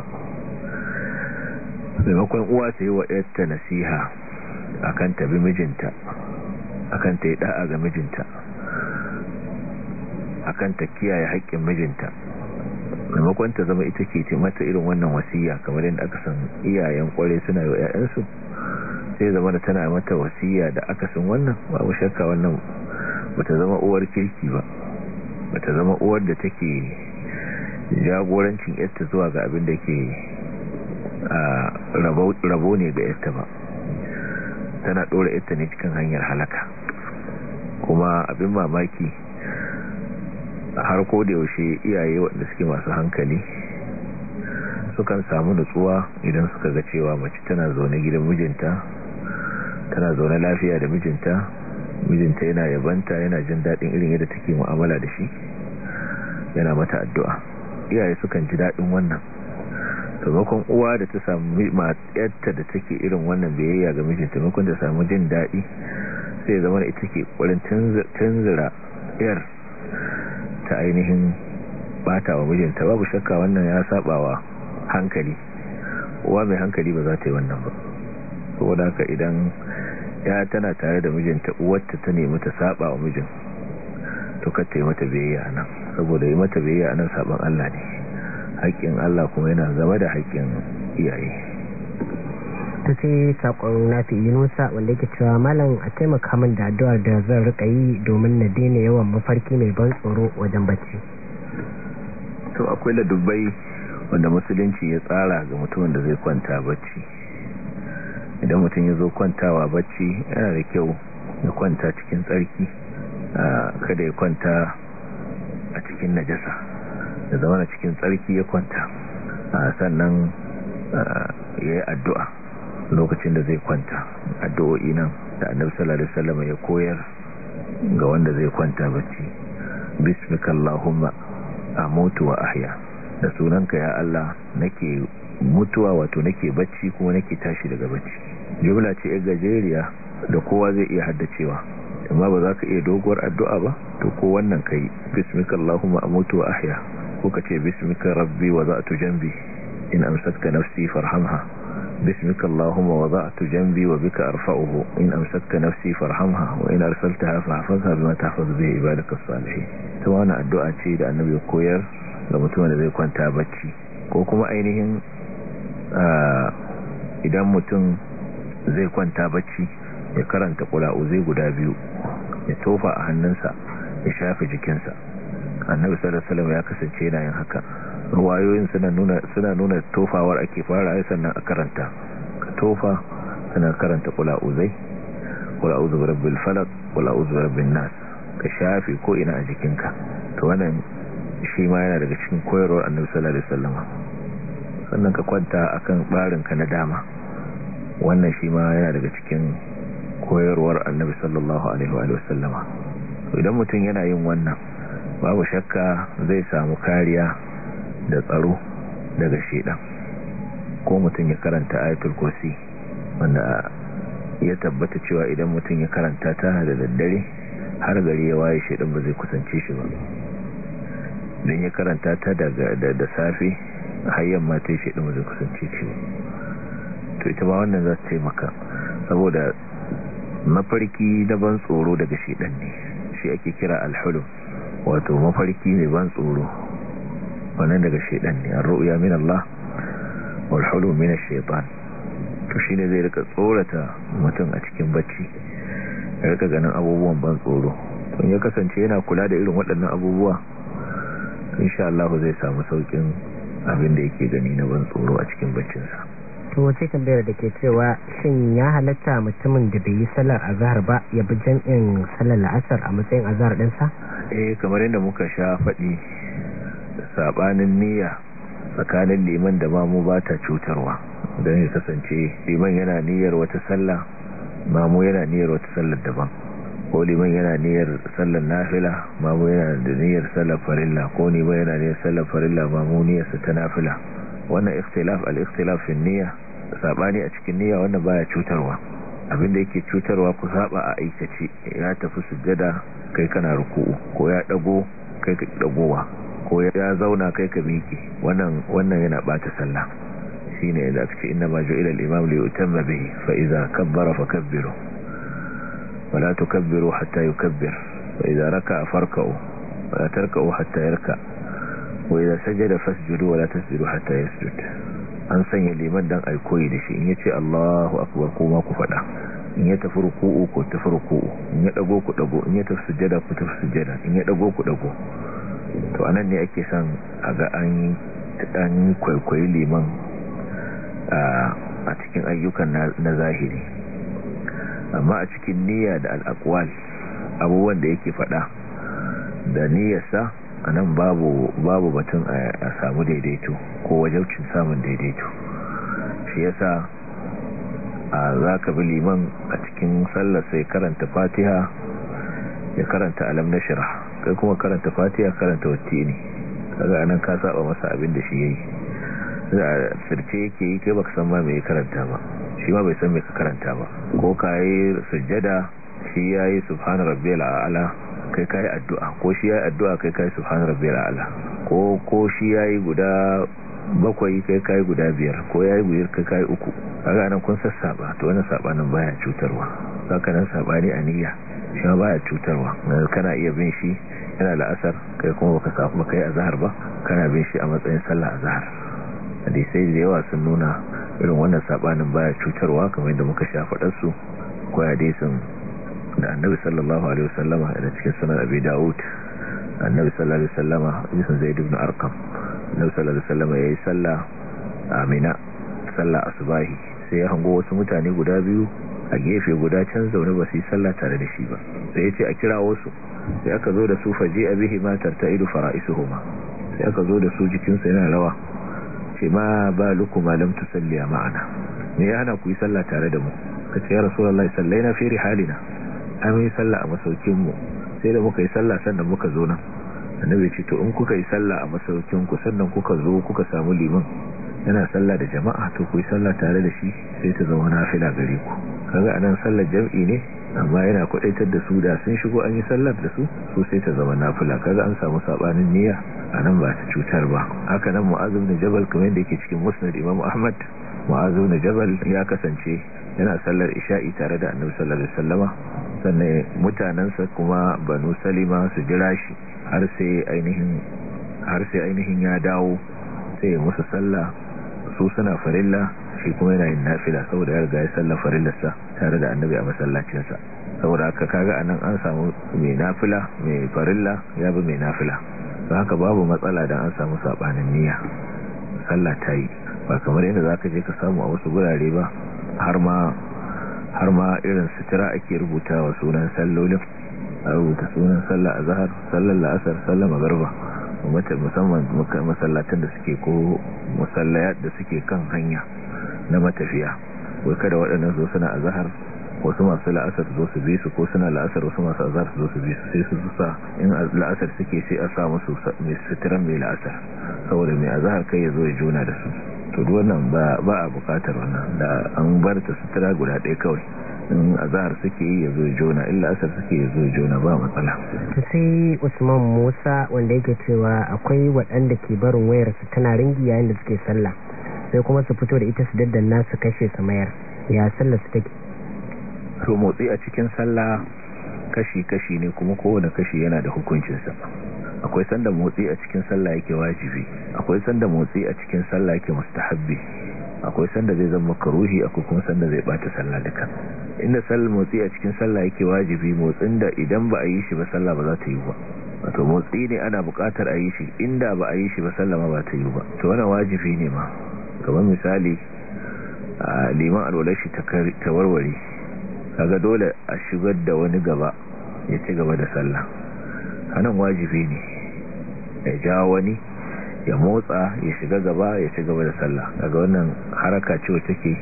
maimakon uwa ta yi wa yarta nasiha akan tabi mijinta akan ta yi da'a ga mijinta akan ta kiyaye haƙƙin mijinta maimakon ta zama ita ke ce mata irin wannan wasiya kamar yadda aka san iyayen kware suna yi wa 'ya'yansu sai zama da tana mata wasiya da aka san wannan mu shakka wannan ba ta zama uwar kirki ba bata zama uwar da take jagorancin yarta zuwa ga abin da ke rabo ne ga yarta ba tana ɗora yarta ne cikin hanyar halaka kuma abin mamaki har ko da yaushe iyaye waɗanda suke masu hankali sukan samu nutsuwa idan suka ga cewa mace tana zaune gidan mijinta tana zaune lafiya da mijinta mijinta yana yabanta yana jin daɗin irin yadda take mu'amala da shi yana mata addu'a iyaye sukan ji daɗin wannan taimakon uwa da ta sami matsayarta da take irin wannan biyayya ga mijinta taimakon ta samu jin daɗi sai zama da ita ke ƙwarin tanzira yar ta ainihin bata wa mijinta babu shakka wannan ya wa hankali uwa mai hankali ba za ta yi wannan ba saboda haka idan ya tana tare da mijinta uwarta ta nemi ta saba wa mijin to ta yi mata biyayya nan saboda yi mata biyayya nan saban Allah ne haƙƙin Allah kuma yana zama da haƙƙin iyaye ta ce na fi yi nusa wanda yake cewa malam a taimaka min da addu'ar da zan rika yi domin na daina yawan mafarki mai ban tsoro wajen bacci to akwai ladubbai wanda musulunci ya tsara ga mutumin da zai kwanta bacci idan mutum ya zo kwantawa bacci yana da kyau ya kwanta cikin tsarki kada ya kwanta a cikin najasa da zama cikin tsarki ya kwanta a sannan ya yi addu'a lokacin da zai kwanta addu'o'i nan da annabi salari salama ya koyar ga wanda zai kwanta bacci bismikallahumma motuwa a ahya da sunanka ya Allah nake mutuwa wato nake bacci kuma nake tashi daga bacci jumla ce gajeriya da kowa zai iya haddacewa amma ba za ka iya doguwar addu'a ba to ko wannan kai bismika allahumma amutu wa ahya ko ka ce bismika rabbi wa za'tu janbi in amsakta nafsi farhamha باسمك in وضعت جنبي وبك أرفعه إن أمسكت نفسي فارحمها وإن أرسلتها فاحفظها بما ibada ka salihi ta wani addu'a ce da annabi koyar ga mutum da zai kwanta bacci ko kuma ainihin Eh, idan mutum zai kwanta bacci ya karanta ƙula'u zai guda biyu ya tofa a hannunsa ya shafe jikinsa annabi sallallahu ya kasance yana yin haka ruwayoyin suna nuna tofawar ake fara ai sannan a karanta ka tofa kana karanta ƙula'u zai ƙula'u zubarabbil falak ƙula'u zubarabbil nas ka shafe ko ina a jikinka to wannan shi ma yana daga cikin koyarwar annabi sallallahu alaihi wasallam sannan ka kwanta akan barinka na dama wannan shi ma yana daga cikin koyarwar annabi sallallahu alaihi wa sallama idan mutum yana yin wannan babu shakka zai samu kariya da tsaro daga shedan ko mutum ya karanta ayatul kursi wanda ya tabbata cewa idan mutum ya karanta ta da daddare har gari ya waye shedan ba zai kusance shi ba don ya karanta ta da safe hayyan mata ta shi ɗin wajen kusance ciwo to ita ba wannan za su taimaka saboda mafarki na ban tsoro daga shiɗan ne shi ake kira alhulu wato mafarki mai ban tsoro wannan daga shaidan ne an ru'ya min Allah wal hulum min ash-shaytan to ne zai rika tsorata mutum a cikin bacci ya rika ganin abubuwan ban tsoro in ya kasance yana kula da irin waɗannan abubuwa insha Allah zai samu saukin abin da yake gani na ban tsoro a cikin baccinsa to wace tambayar da ke cewa shin ya halatta mutumin da bai yi salar azhar ba ya bi jami'in salar la'asar a matsayin azhar ɗinsa? eh kamar yadda muka sha faɗi saɓanin niyya tsakanin liman da mamu ba ta cutarwa don ya kasance liman yana niyyar wata sallah mamu yana niyyar wata sallar daban ko liman yana niyyar sallar nafila mamu yana da niyyar sallar farilla ko liman yana niyyar sallar farilla mamu niyyarsa ta nafila wannan ikhtilaf al-ikhtilaf niyya sabani a cikin niyya wannan baya cutarwa abinda yake cutarwa ku saba a aikace ya tafi sujjada kai kana ruku'u ko ya dago kai ka dagowa ko ya zauna kai ka miƙe wannan wannan yana bata sallah shine da ake inna ma ju'ila al-imam li yutamma bihi fa idza kabbara fakabbiru wala تكبروا حتى يكبر وإذا ركع raka'a ولا تركعوا حتى يركع وإذا سجد فاسجدوا ولا تسجدوا wala يسجد an sanya liman dan ai koyi da shi in yace Allahu akbar kuma ku fada in ya tafi ruku'u ku tafi ruku'u in ya dago ku dago in ya tafi sujada ku tafi sujada in ya dago ku dago to anan ne ake san a ga an dan kwaikwayi liman ah, a cikin ayyukan na zahiri amma a cikin niyya da al'akwal abubuwan da yake faɗa da niyyarsa a nan babu batun a samu daidaito ko wajaucin samun daidaito shi yasa a za ka bi liman a cikin sallar sai karanta fatiha ya karanta alam na shira kai kuma karanta fatiha karanta wacce ne kaga anan ka saba masa abin da shi yayi firce yake yi kai baka san ma mai karanta ba shi ma bai san mai ka karanta ba ko ka yi sujjada shi ya yi subhanu rabbi ala kai yi addu'a ko shi ya yi addu'a kai yi subhanu rabbi ala ko ko shi ya yi guda bakwai kai yi guda biyar ko ya yi biyar kai yi uku kaga nan kun sassaba to wannan sabanin baya cutarwa saka nan ne aniya shi ma baya cutarwa kana iya bin shi yana la'asar kai kuma baka kuma kai azhar ba kana bin shi a matsayin sallah azhar hadisai da yawa sun nuna irin wannan sabanin baya cutarwa kamar yadda muka sha faɗar su akwai da annabi sallallahu alaihi wasallama da cikin sunan abi daud annabi sallallahu alaihi wasallama hadisin zaid ibn arqam annabi sallallahu alaihi wasallama yayi sallah amina sallah sai ya hango wasu mutane guda biyu a gefe guda can zaune ba su yi sallah tare da shi ba sai ya ce a kira wasu sai aka zo da su faje a bihi ma fara ido fara'isuhuma sai aka zo da su jikinsa yana rawa ce ma ba lukuma lam a ma'ana me ya hana ku yi sallah tare da mu ka ce ya rasulullahi na firi halina an yi sallah a masaukin mu sai da muka yi sallah sannan muka zo nan annabi ce to in kuka yi sallah a masaukin ku sannan kuka zo kuka samu liman yana sallah da jama'a to ku yi sallah tare da shi sai ta zama nafila gare ku kaga anan sallar jam'i ne amma yana kwadaitar da su da sun shigo an yi sallar da su sosai ta zama nafula kaga an samu sabanin niyya a nan ba ta cutar ba haka nan mu'az jabal kuma yadda yake cikin musnad imam ahmad mu'azu ibn jabal ya kasance yana sallar isha'i tare da annabi sallallahu alaihi wasallama sannan mutanansa kuma banu salima su jira shi har sai ainihin har sai ainihin ya dawo sai musu sallah su suna farilla shi kuma yana yin nafila saboda ya riga ya sallar farillarsa tare da annabi a masallacinsa saboda haka kaga anan an samu mai nafila mai farilla ya bi mai nafila don haka babu matsala don an samu saɓanin niyya sallah ta yi ba kamar yadda za ka je ka samu a wasu gurare ba har ma irin sutura ake wa sunan sallolin a rubuta sunan sallah zahar sallar la'asar sallar magarba musamman masallatan da suke ko musallaya da suke kan hanya na matafiya wai kada waɗannan zo suna azhar wasu masu la'asar zo su bi su ko suna la'asar wasu masu azhar zo su bi su sai su sa in la'asar suke sai a sa musu mai suturan mai la'asar saboda mai azahar kai ya zo ya da su to wannan ba a bukatar wannan da an bar ta sutura guda ɗaya kawai in azahar suke yi ya zo ya jona illa suke ya zo ya ba matsala sai usman musa wanda yake cewa akwai waɗanda ke barin wayarsu tana ringi yayin da suke sallah sai kuma su fito da ita su daddan su kashe su mayar ya sallar su take to motsi a cikin sallah kashi-kashi ne kuma kowane kashi yana da hukuncinsa akwai sanda motsi a cikin sallah yake wajibi akwai sanda motsi a cikin sallah yake mustahabbi akwai sanda zai zama karuhi akwai kuma sanda zai bata sallah duka inda sallar motsi a cikin sallah yake wajibi motsin da idan ba a yi shi ba sallah ba za ta yi ba wato motsi ne ana buƙatar a yi shi inda ba a yi shi ba sallah ma ba ta yi ba to wannan wajibi ne ma kamar misali a liman alwalar shi ta warware kaga dole a shigar da wani gaba ya ci gaba da sallah hannun wajibi ne ya ja wani ya motsa ya shiga gaba ya ci gaba da sallah kaga wannan haraka ce wata ke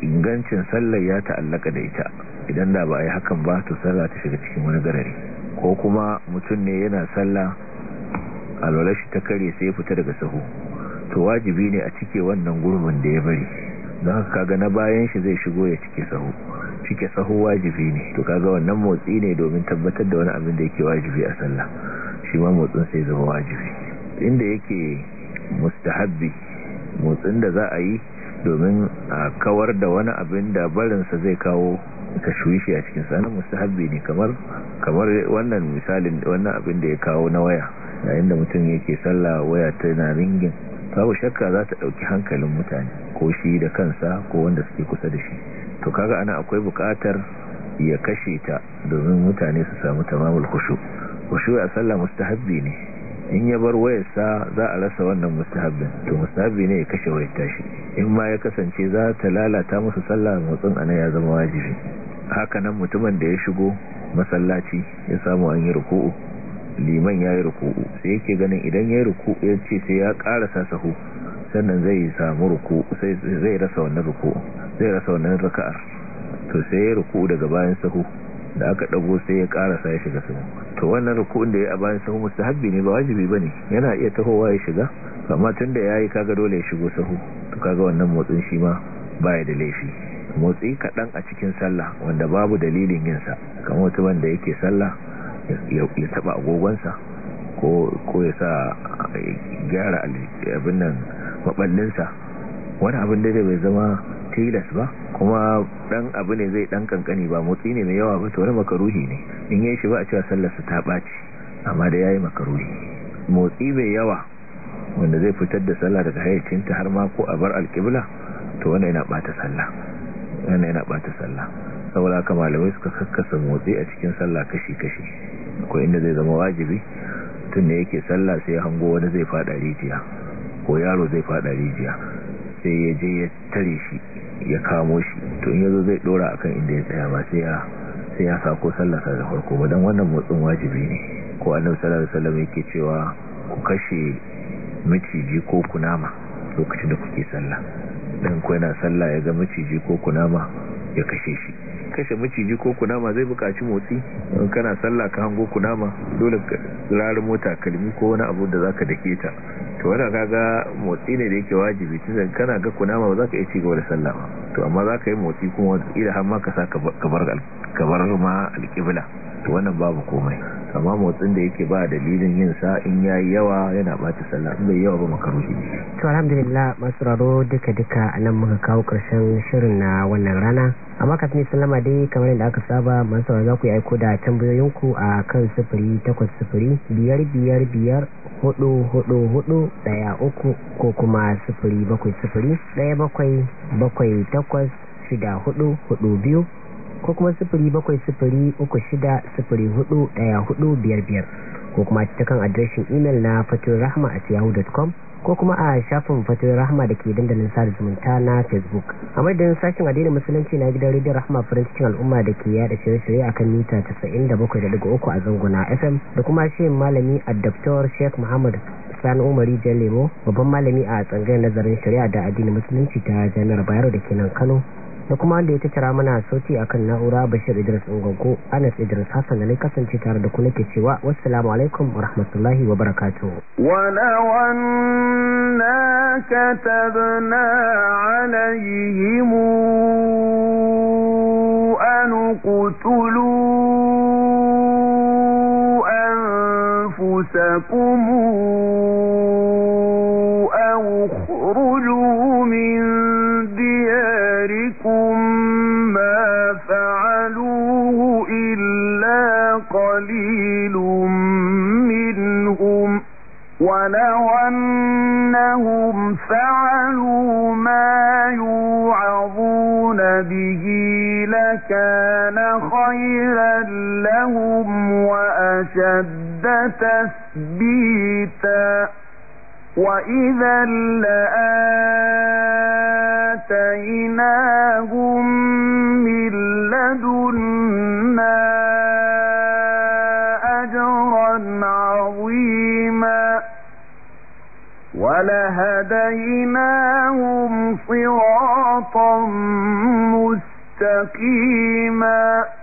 ingancin sallar ya ta'allaka da ita idan da ba a yi hakan ba to sallah ta shiga cikin wani garari ko kuma mutum ne yana sallah alwalar shi ta kare sai ya fita daga sahu to wajibi ne a cike wannan gurbin da ya bari don haka kaga na bayan shi zai shigo ya cike sahu cike sahu wajibi ne to kaga wannan motsi ne domin tabbatar da wani abin da yake wajibi a sallah shi ma motsin sai zama wajibi inda yake mustahabbi motsin da za a yi domin a kawar da wani abin da barinsa zai kawo tashwishi a cikin sanin mustahabbi ne kamar kamar wannan misalin wannan abin da ya kawo na waya yayin da mutum yake sallah waya tana ringin babu shakka za ta ɗauki hankalin mutane ko shi da kansa ko wanda suke kusa da shi to kaga ana akwai buƙatar ya kashe ta domin mutane su samu tamamul khushu khushu a sallah mustahabbi ne in ya bar wayarsa za a rasa wannan mustahabbin to mustahabbi ne ya kashe wayar tashi in ma ya kasance za ta lalata musu sallah motsin ana ya zama wajibi haka nan mutumin da ya shigo masallaci ya samu an yi ruku'u liman ya yi ruku'u sai yake ganin idan ya yi ruku'u ya ce sai ya ƙarasa sahu sannan zai samu ruku'u sai zai rasa wannan ruku'u zai rasa wannan raka'ar to sai ya ruku'u daga bayan sahu da aka dago sai ya karasa ya shiga sahu to wannan ruku'un da ya a bayan sahu mustahabbi ne ba wajibi bane yana iya tahowa ya shiga amma tunda yayi kaga dole ya shigo sahu to kaga wannan motsin shi ma baya da laifi motsi kaɗan a cikin sallah wanda babu dalilin yinsa sa kamar mutumin da yake sallah ya taba agogonsa ko ya sa gyara abin nan maɓallinsa wani abin da bai zama tilas ba kuma dan abu ne zai dan kankani ba motsi ne mai yawa ba to wani makaruhi ne in yi shi ba a cewa sallarsa ta ɓaci amma da ya yi makaruhi motsi mai yawa wanda zai fitar da sallah daga hayyacinta har ma ko a bar alƙibla to wanda yana ɓata sallah yana ɓata sallah saboda haka malamai suka kakkasa motsi a cikin sallah kashi-kashi akwai inda zai zama wajibi tun da yake sallah sai hango wani zai fada rijiya ko yaro zai fada rijiya sai ya je ya tare shi ya kamo shi to in yazo zai dora akan inda ya tsaya ba sai ya sai ya sako sallah da farko ba dan wannan motsin wajibi ne ko annabi sallallahu alaihi wasallam yake cewa ku kashe miciji ko kunama lokacin da kuke sallah dan ko yana sallah ya ga miciji ko kunama ya kashe shi kashe maciji ko kunama zai bukaci motsi in kana sallah ka hango kunama dole rarar mota kalmi ko wani abu da za ka dake ta to wannan ga motsi ne da yake wajibi tunda kana ga kunama ba zaka iya ci gaba da sallah ba to amma zaka yi motsi kuma wata har ma ka sa ka bar ma alƙibla to wannan babu komai amma motsin da yake ba dalilin yin sa in yayi yawa yana bata sallah in bai yawa ba makaruhi to alhamdulillah masu raro duka duka nan muka kawo karshen shirin na wannan rana amma kafin sallama dai kamar yadda aka saba masu raro za ku yi aiko da tambayoyin ku a kan sufuri biyar biyar biyar hudu hudu hudu daya uku ko kuma sifiri bakwai sufuri daya bakwai bakwai takwas shida hudu hudu biyu ko kuma sifiri bakwai sifiri uku shida sifiri hudu daya hudu biyar biyar ko kuma ta kan adireshin imel na fatin ko kuma a shafin fatin da ke dandalin sada zumunta na facebook a madadin sashen adini musulunci na gidan radio rahama farin cikin al'umma da ke yada shirye-shirye a kan mita uku a zanguna fm da kuma shi malami a dr sheikh muhammad sani umari jan lemo babban malami a tsangayar nazarin shari'a da addinin musulunci ta jami'ar bayero da ke nan kano da kuma wanda ya tattara mana soci akan na'ura bashir idris ungonko anas idris hassan da ne kasance tare da ku nake cewa wassalamu alaikum wa rahmatullahi wa barakatuh ولو أنا كتبنا عليهم أن اقتلوا أنفسكم أو اخرجوا ولو أنهم فعلوا ما يوعظون به لكان خيرا لهم وأشد تثبيتا وإذا لآتيناهم من لدن وهديناهم صراطا مستقيما